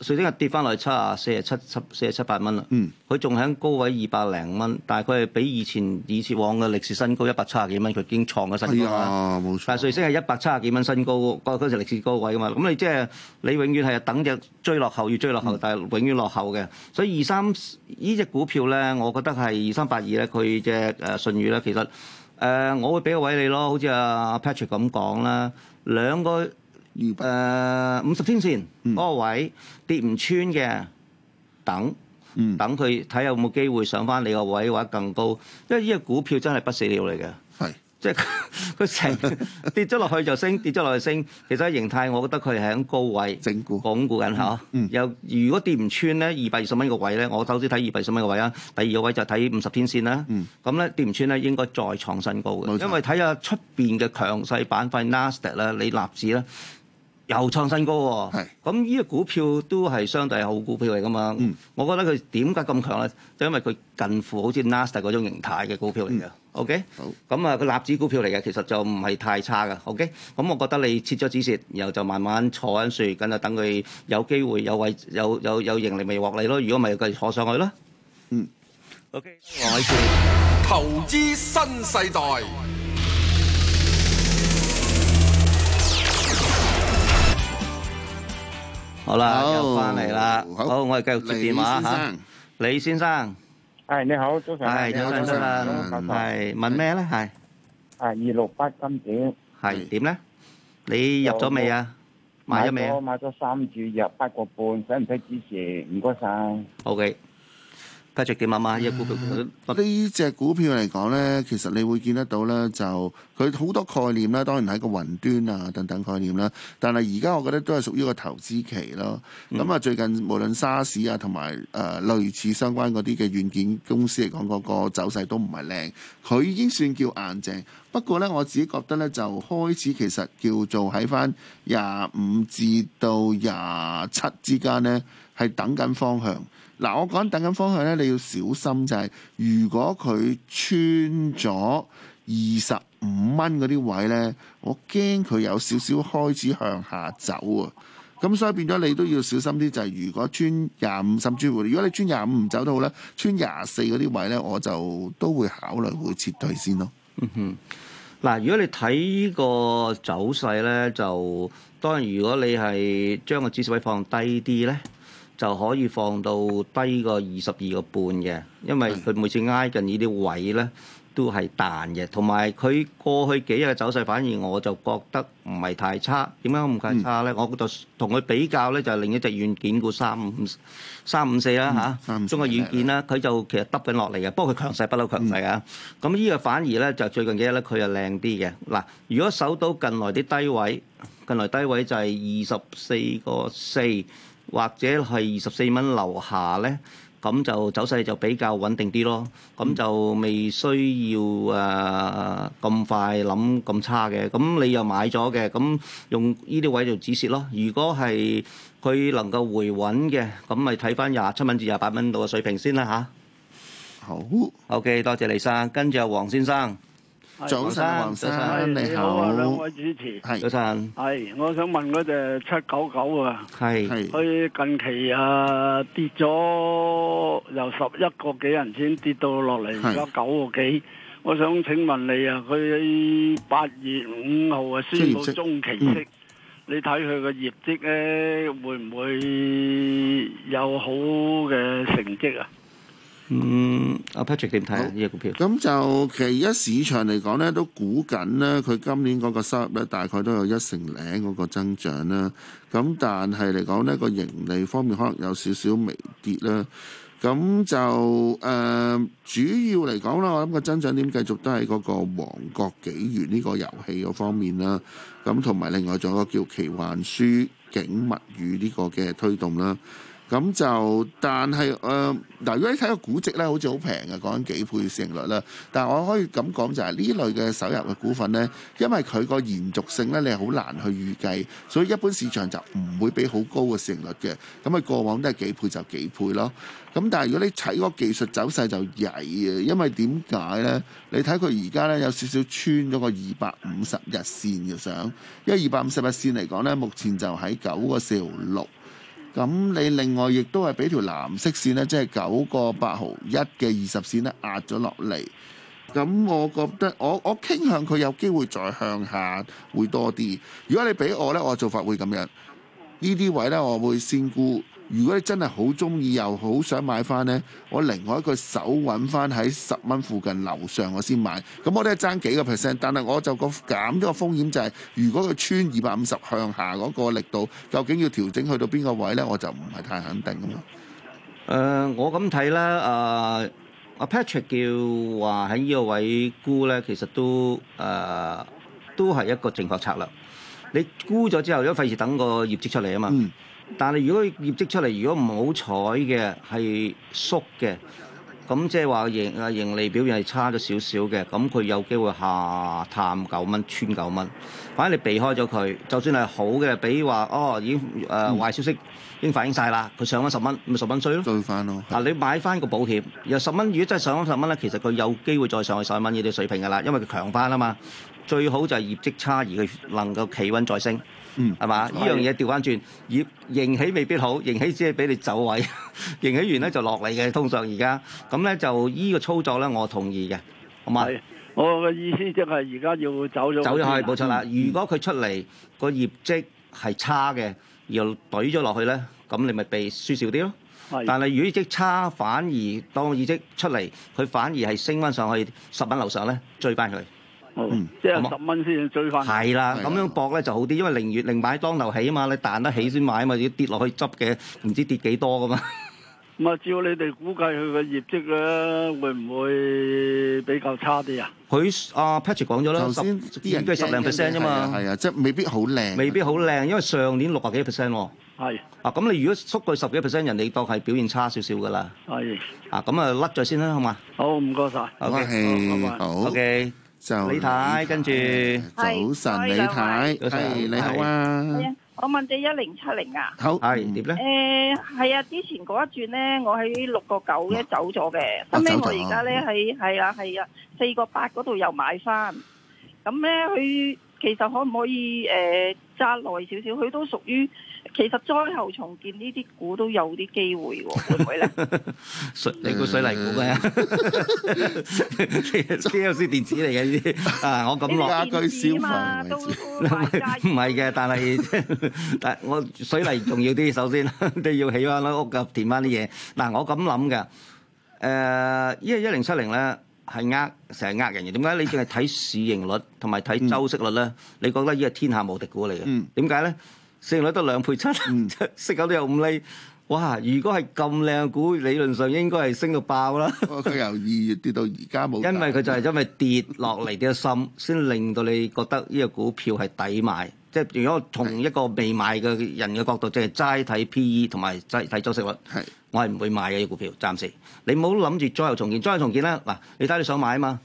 瑞星係跌翻落去七啊四啊七七四啊七八蚊啦，佢仲喺高位二百零蚊，但係佢係比以前以前往嘅歷史新高一百七十幾蚊，佢已經創咗新高啦。冇錯。但係瑞星係一百七十幾蚊新高，嗰嗰陣歷史高位啊嘛。咁你即、就、係、是、你永遠係等著追落後，要追落後，嗯、但係永遠落後嘅。所以二三呢隻股票咧，我覺得係二三八二咧，佢嘅誒舜宇咧，其實誒、呃，我會俾個位你咯，好似阿、啊、Patrick 咁講啦，兩個。誒五十天線嗰、嗯、個位跌唔穿嘅，等，嗯、等佢睇有冇機會上翻你個位或者更高。因為呢個股票真係不死鳥嚟嘅，係是即係佢成跌咗落去就升，跌咗落去升。其實形態，我覺得佢係喺高位整股鞏固，鞏固緊嚇。嗯、又如果跌唔穿咧，二百二十蚊嘅位咧，我首先睇二百二十蚊嘅位啊。第二個位就睇五十天線啦。咁咧、嗯、跌唔穿咧，應該再創新高嘅。錯因為睇下出邊嘅強勢板塊 Nasdaq 咧，你納指咧。又創新高喎，咁呢個股票都係相對好股票嚟噶嘛？我覺得佢點解咁強咧？就因為佢近乎好似 Nasdaq 嗰種形態嘅股票嚟嘅。OK，好，咁啊，個立子股票嚟嘅，其實就唔係太差噶。OK，咁我覺得你切咗止蝕，然後就慢慢坐緊樹，咁就等佢有機會有位有有有盈利未獲利咯。如果咪係，繼續坐上去咯。嗯，OK，投資新世代。好啦，又翻嚟啦，好,好，我哋繼續接電話吓，李先生，係你好，早晨，係早晨，早晨。係問咩咧？係，啊二六八金點，係點咧？你入咗未啊？買咗未？我買咗三注入八個半，使唔使支持？唔該晒。O K。繼續幾萬萬一股票，呢、嗯、隻股票嚟講呢，其實你會見得到呢，就佢好多概念啦，當然喺個雲端啊等等概念啦。但係而家我覺得都係屬於個投資期咯。咁啊，最近無論沙士啊，同埋誒類似相關嗰啲嘅軟件公司嚟講，嗰、那個走勢都唔係靚，佢已經算叫硬淨。不過呢，我自己覺得呢，就開始其實叫做喺翻廿五至到廿七之間呢，係等緊方向。嗱，我講等緊方向咧，你要小心就係如果佢穿咗二十五蚊嗰啲位咧，我驚佢有少少開始向下走啊！咁所以變咗你都要小心啲，就係如果穿廿五甚至乎，如果你穿廿五唔走都好咧，穿廿四嗰啲位咧，我就都會考慮會撤退先咯。嗯哼，嗱，如果你睇呢個走勢咧，就當然如果你係將個指示位放低啲咧。就可以放到低過二十二個半嘅，因為佢每次挨近呢啲位咧都係彈嘅，同埋佢過去幾日嘅走勢，反而我就覺得唔係太差。點解唔太差咧？嗯、我覺得同佢比較咧，就另一隻軟件股三五三五四啦嚇，中國軟件啦，佢就其實耷緊落嚟嘅。不過佢強勢不嬲強勢啊！咁呢、嗯、個反而咧就最近幾日咧佢就靚啲嘅。嗱，如果守到近來啲低位，近來低位就係二十四個四。或者係二十四蚊樓下咧，咁就走勢就比較穩定啲咯。咁、嗯、就未需要誒咁、呃、快諗咁差嘅。咁你又買咗嘅，咁用呢啲位做止蝕咯。如果係佢能夠回穩嘅，咁咪睇翻廿七蚊至廿八蚊度嘅水平先啦吓，好，OK，多謝李生，跟住阿黃先生。早晨，黃生你好。啊兩位主持，是早晨上。係我想問嗰隻七九九啊，係係佢近期啊跌咗，由十一個幾銀先跌到落嚟，而家九個幾。我想請問你啊，佢八月五號啊宣布中期息，嗯、你睇佢個業績咧、啊，會唔會有好嘅成績啊？嗯，阿 Patrick 點睇啊？呢個股票咁就其實而家市場嚟講咧，都估緊咧，佢今年嗰個收入咧大概都有一成零嗰個增長啦。咁但係嚟講咧，個盈利方面可能有少少微跌啦。咁就誒主要嚟講啦，我諗個增長點繼續都喺嗰個《王國紀元》呢個遊戲嗰方面啦。咁同埋另外仲有個叫《奇幻書景物語》呢個嘅推動啦。咁就，但係誒，嗱、呃，如果你睇個估值咧，好似好平嘅，講緊幾倍嘅成率啦。但係我可以咁講就係、是、呢類嘅手入嘅股份咧，因為佢個延續性咧，你係好難去預計，所以一般市場就唔會俾好高嘅成率嘅。咁啊，過往都係幾倍就幾倍咯。咁但係如果你睇嗰個技術走勢就曳嘅，因為點解咧？你睇佢而家咧，有少少穿咗個二百五十日線嘅相。因為二百五十日線嚟講咧，目前就喺九個四毫六。咁你另外亦都係俾條藍色線呢，即係九個八毫一嘅二十線咧壓咗落嚟。咁我覺得我我傾向佢有機會再向下會多啲。如果你俾我呢，我做法會咁樣。呢啲位呢，我會先沽。如果你真係好中意又好想買翻呢，我另外一個手揾翻喺十蚊附近樓上，我先買。咁我都係爭幾個 percent，但係我就減咗個風險就係，如果佢穿二百五十向下嗰個力度，究竟要調整去到邊個位呢？我就唔係太肯定咁咯。誒、呃，我咁睇啦。阿、呃、Patrick 叫話喺呢個位沽呢，其實都誒、呃、都係一個正確策略。你沽咗之後，如果費事等個業績出嚟啊嘛。嗯但係如果業績出嚟，如果唔好彩嘅係縮嘅，咁即係話盈啊盈利表現係差咗少少嘅，咁佢有機會下探九蚊，穿九蚊。反正你避開咗佢，就算係好嘅，比如話哦已經誒、呃、壞消息已經反映晒啦，佢上咗十蚊，咪十蚊衰咯。衰翻咯。嗱、啊，你買翻個保險，又十蚊。如果真係上咗十蚊咧，其實佢有機會再上去十一蚊呢啲水平噶啦，因為佢強翻啦嘛。最好就係業績差而佢能夠企穩再升。嗯，係嘛？呢樣嘢調翻轉，熱迎起未必好，迎起只係俾你走位，迎 (laughs) 起完咧就落嚟嘅。通常而家咁咧就依個操作咧，我同意嘅。好嗎？係，我嘅意思即係而家要走咗。走咗係冇錯啦。嗯、如果佢出嚟個業績係差嘅，又懟咗落去咧，咁你咪被輸少啲咯。係的。但係如果業績差反而當業績出嚟，佢反而係升翻上去十蚊樓上咧，追翻佢。嗯，即係十蚊先追翻。係啦，咁樣搏咧就好啲，因為零月零買當頭起啊嘛，你彈得起先買啊嘛，要跌落去執嘅，唔知跌幾多噶嘛。咁啊，照你哋估計佢嘅業績咧，會唔會比較差啲啊？佢阿 Patrick 講咗啦，十估計十零 percent 啫嘛，係啊，即係未必好靚。未必好靚，因為上年六十幾 percent 喎。係啊，咁你如果縮到十幾 percent，人哋當係表現差少少噶啦。係啊，咁啊甩咗先啦，好嘛？好，唔該晒。O K，好，O K。李太，跟住早晨，李太，早晨，你好啊！係啊，我問你一零七零啊。好係，點咧係？誒，係、欸、啊！之前嗰一轉咧，我喺六個九咧走咗嘅，啊、後尾我而家咧喺係啊係啊四個八嗰度又買翻，咁咧佢其實可唔可以誒揸耐少少？佢、呃、都屬於。其實災後重建呢啲股都有啲機會喎，會唔會咧？你估水泥股咩？啲有啲電子嚟嘅呢啲啊！我咁落一句小份，唔係唔係嘅，但係但係我水泥重要啲，首先你要起翻啲屋嘅，填翻啲嘢。嗱，我咁諗嘅。誒，呢個一零七零咧係呃成日呃人嘅，點解你淨係睇市盈率同埋睇周息率咧？你覺得呢個天下無敵股嚟嘅？點解咧？市盈率得兩倍七， (laughs) 息口都有五厘，哇！如果係咁靚嘅股，理論上應該係升到爆啦。佢由二月跌到而家冇。因為佢就係因為跌落嚟嘅心，先令到你覺得呢個股票係抵買。即係如果從一個未買嘅人嘅角度，即係齋睇 P E 同埋齋睇周息率，是我係唔會買嘅、呢個、股票，暫時。你唔好諗住再後重建，再後重建啦。嗱、啊，你睇你想買啊嘛，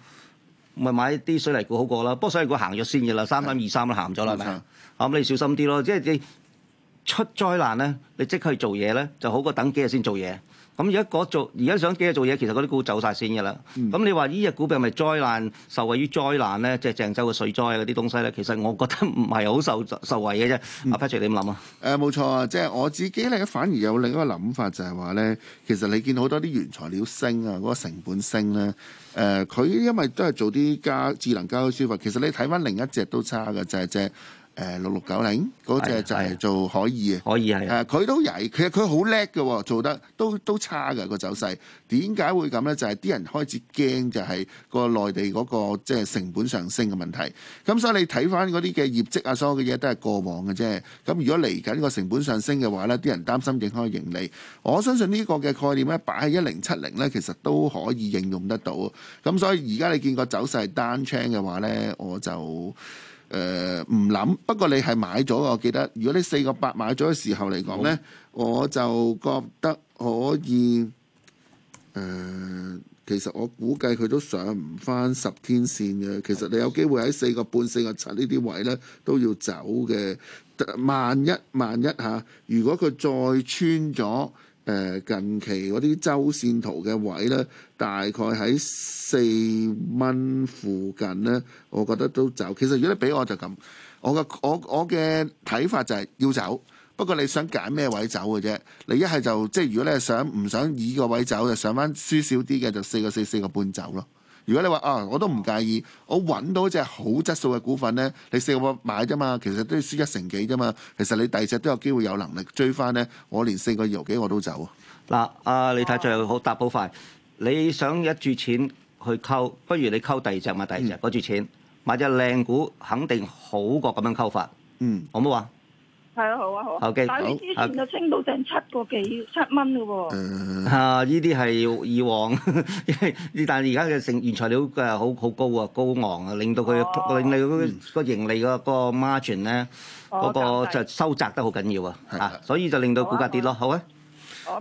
咪買啲水泥股好過啦。不過水泥股行咗先嘅啦，三三二三都行咗啦，係咪？3, 是咁、嗯、你小心啲咯，即係你出災難咧，你即刻去做嘢咧，就好過等幾日先做嘢。咁而家做，而家想幾日做嘢，其實嗰啲股走晒先嘅啦。咁、嗯嗯、你話呢隻股票係咪災難受惠於災難咧？即係鄭州嘅水災嗰啲東西咧？其實我覺得唔係好受受惠嘅啫。阿 Patrick 你點諗啊？誒冇錯，即、就、係、是、我自己咧，反而有另一個諗法，就係話咧，其實你見好多啲原材料升啊，嗰、那個成本升咧，誒、呃、佢因為都係做啲家智能家居消費，其實你睇翻另一隻都差嘅，就係、是、隻。誒六六九零嗰隻就係做海以嘅，可以係佢、啊、都曳，其實佢好叻嘅，做得都都差嘅、個走勢。點解會咁呢？就係、是、啲人開始驚，就係個內地嗰個即係成本上升嘅問題。咁所以你睇翻嗰啲嘅業績啊，所有嘅嘢都係過往嘅啫。咁如果嚟緊個成本上升嘅話呢，啲人擔心影響盈利。我相信呢個嘅概念呢，擺喺一零七零呢，其實都可以應用得到。咁所以而家你見個走勢係 down trend 嘅話呢，我就。誒唔諗，不過你係買咗，我記得，如果你四個八買咗嘅時候嚟講呢，嗯、我就覺得可以誒、呃。其實我估計佢都上唔翻十天線嘅。其實你有機會喺四個半、四個七呢啲位咧，都要走嘅。萬一萬一下，如果佢再穿咗。誒近期嗰啲周線圖嘅位呢，大概喺四蚊附近呢。我覺得都走。其實如果你俾我就咁，我嘅我我嘅睇法就係要走。不過你想揀咩位走嘅啫？你一係就即係如果你係想唔想以個位走，就上翻輸少啲嘅就四個四、四個半走咯。如果你話啊，我都唔介意，我揾到隻好質素嘅股份咧，你四個買啫嘛，其實都要輸一成幾啫嘛，其實你第二隻都有機會有能力追翻咧，我連四個月幾個我都走啊！嗱，你睇最後好答補快。你想一注錢去溝，不如你溝第二隻嘛，第二隻嗰、嗯、注錢買隻靚股，肯定好過咁樣溝法。嗯，好唔好呀？係啊，好啊，好。但係呢之前就升到成七個幾七蚊嘅喎。嚇！呢啲係以往，但係而家嘅成原材料佢係好好高啊，高昂啊，令到佢令到個盈利嘅個 margin 咧，嗰個就收窄得好緊要啊。啊，所以就令到股價跌咯。好啊。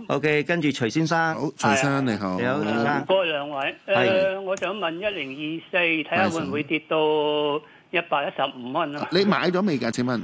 OK，跟住徐先生，徐生你好，你好，徐生，多兩位。係，我想問一零二四，睇下會唔會跌到一百一十五蚊啊？你買咗未㗎？請問？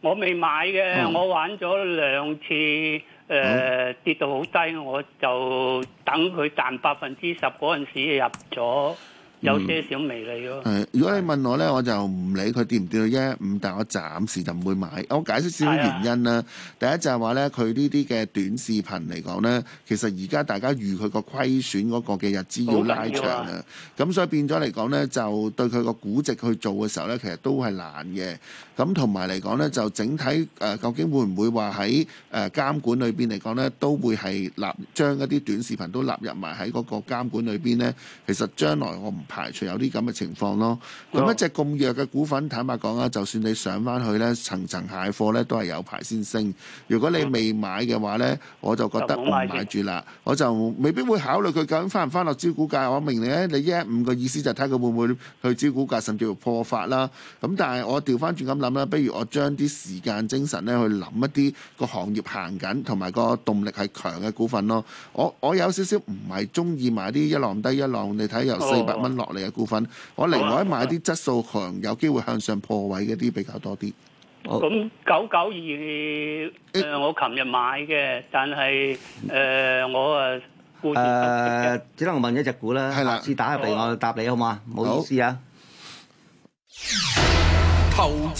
我未買嘅，哦、我玩咗兩次，誒、呃嗯、跌到好低，我就等佢賺百分之十嗰陣時入咗，有些少微利咯、嗯。如果你問我呢，我就唔理佢跌唔跌啫，唔但我暫時就唔會買。我解釋少少原因啦。啊、第一就係話呢，佢呢啲嘅短視頻嚟講呢，其實而家大家預佢個虧損嗰個嘅日子要拉長啊。咁所以變咗嚟講呢，就對佢個估值去做嘅時候呢，其實都係難嘅。咁同埋嚟講呢，就整體誒，究竟會唔會話喺誒監管裏邊嚟講呢，都會係納將一啲短視頻都納入埋喺嗰個監管裏邊呢？其實將來我唔排除有啲咁嘅情況咯。咁一隻咁弱嘅股份，坦白講啦，就算你上翻去呢，層層蟹貨呢，都係有排先升。如果你未買嘅話呢，我就覺得唔買住啦。我就未必會考慮佢究竟翻唔翻落招股價。我明你呢，你一五嘅意思就睇佢會唔會去招股價，甚至乎破發啦。咁但係我調翻轉咁諗。咁啦，不、嗯、如我將啲時間精神咧，去諗一啲個行業行緊同埋個動力係強嘅股份咯。我我有少少唔係中意買啲一,一浪低一浪，你睇由四百蚊落嚟嘅股份，我另外買啲質素強、有機會向上破位嘅啲比較多啲。咁九九二誒，我琴日買嘅，但係誒、呃、我誒、呃，只能問一隻股啦，下次打入嚟好我答你好嘛？唔好意思啊。好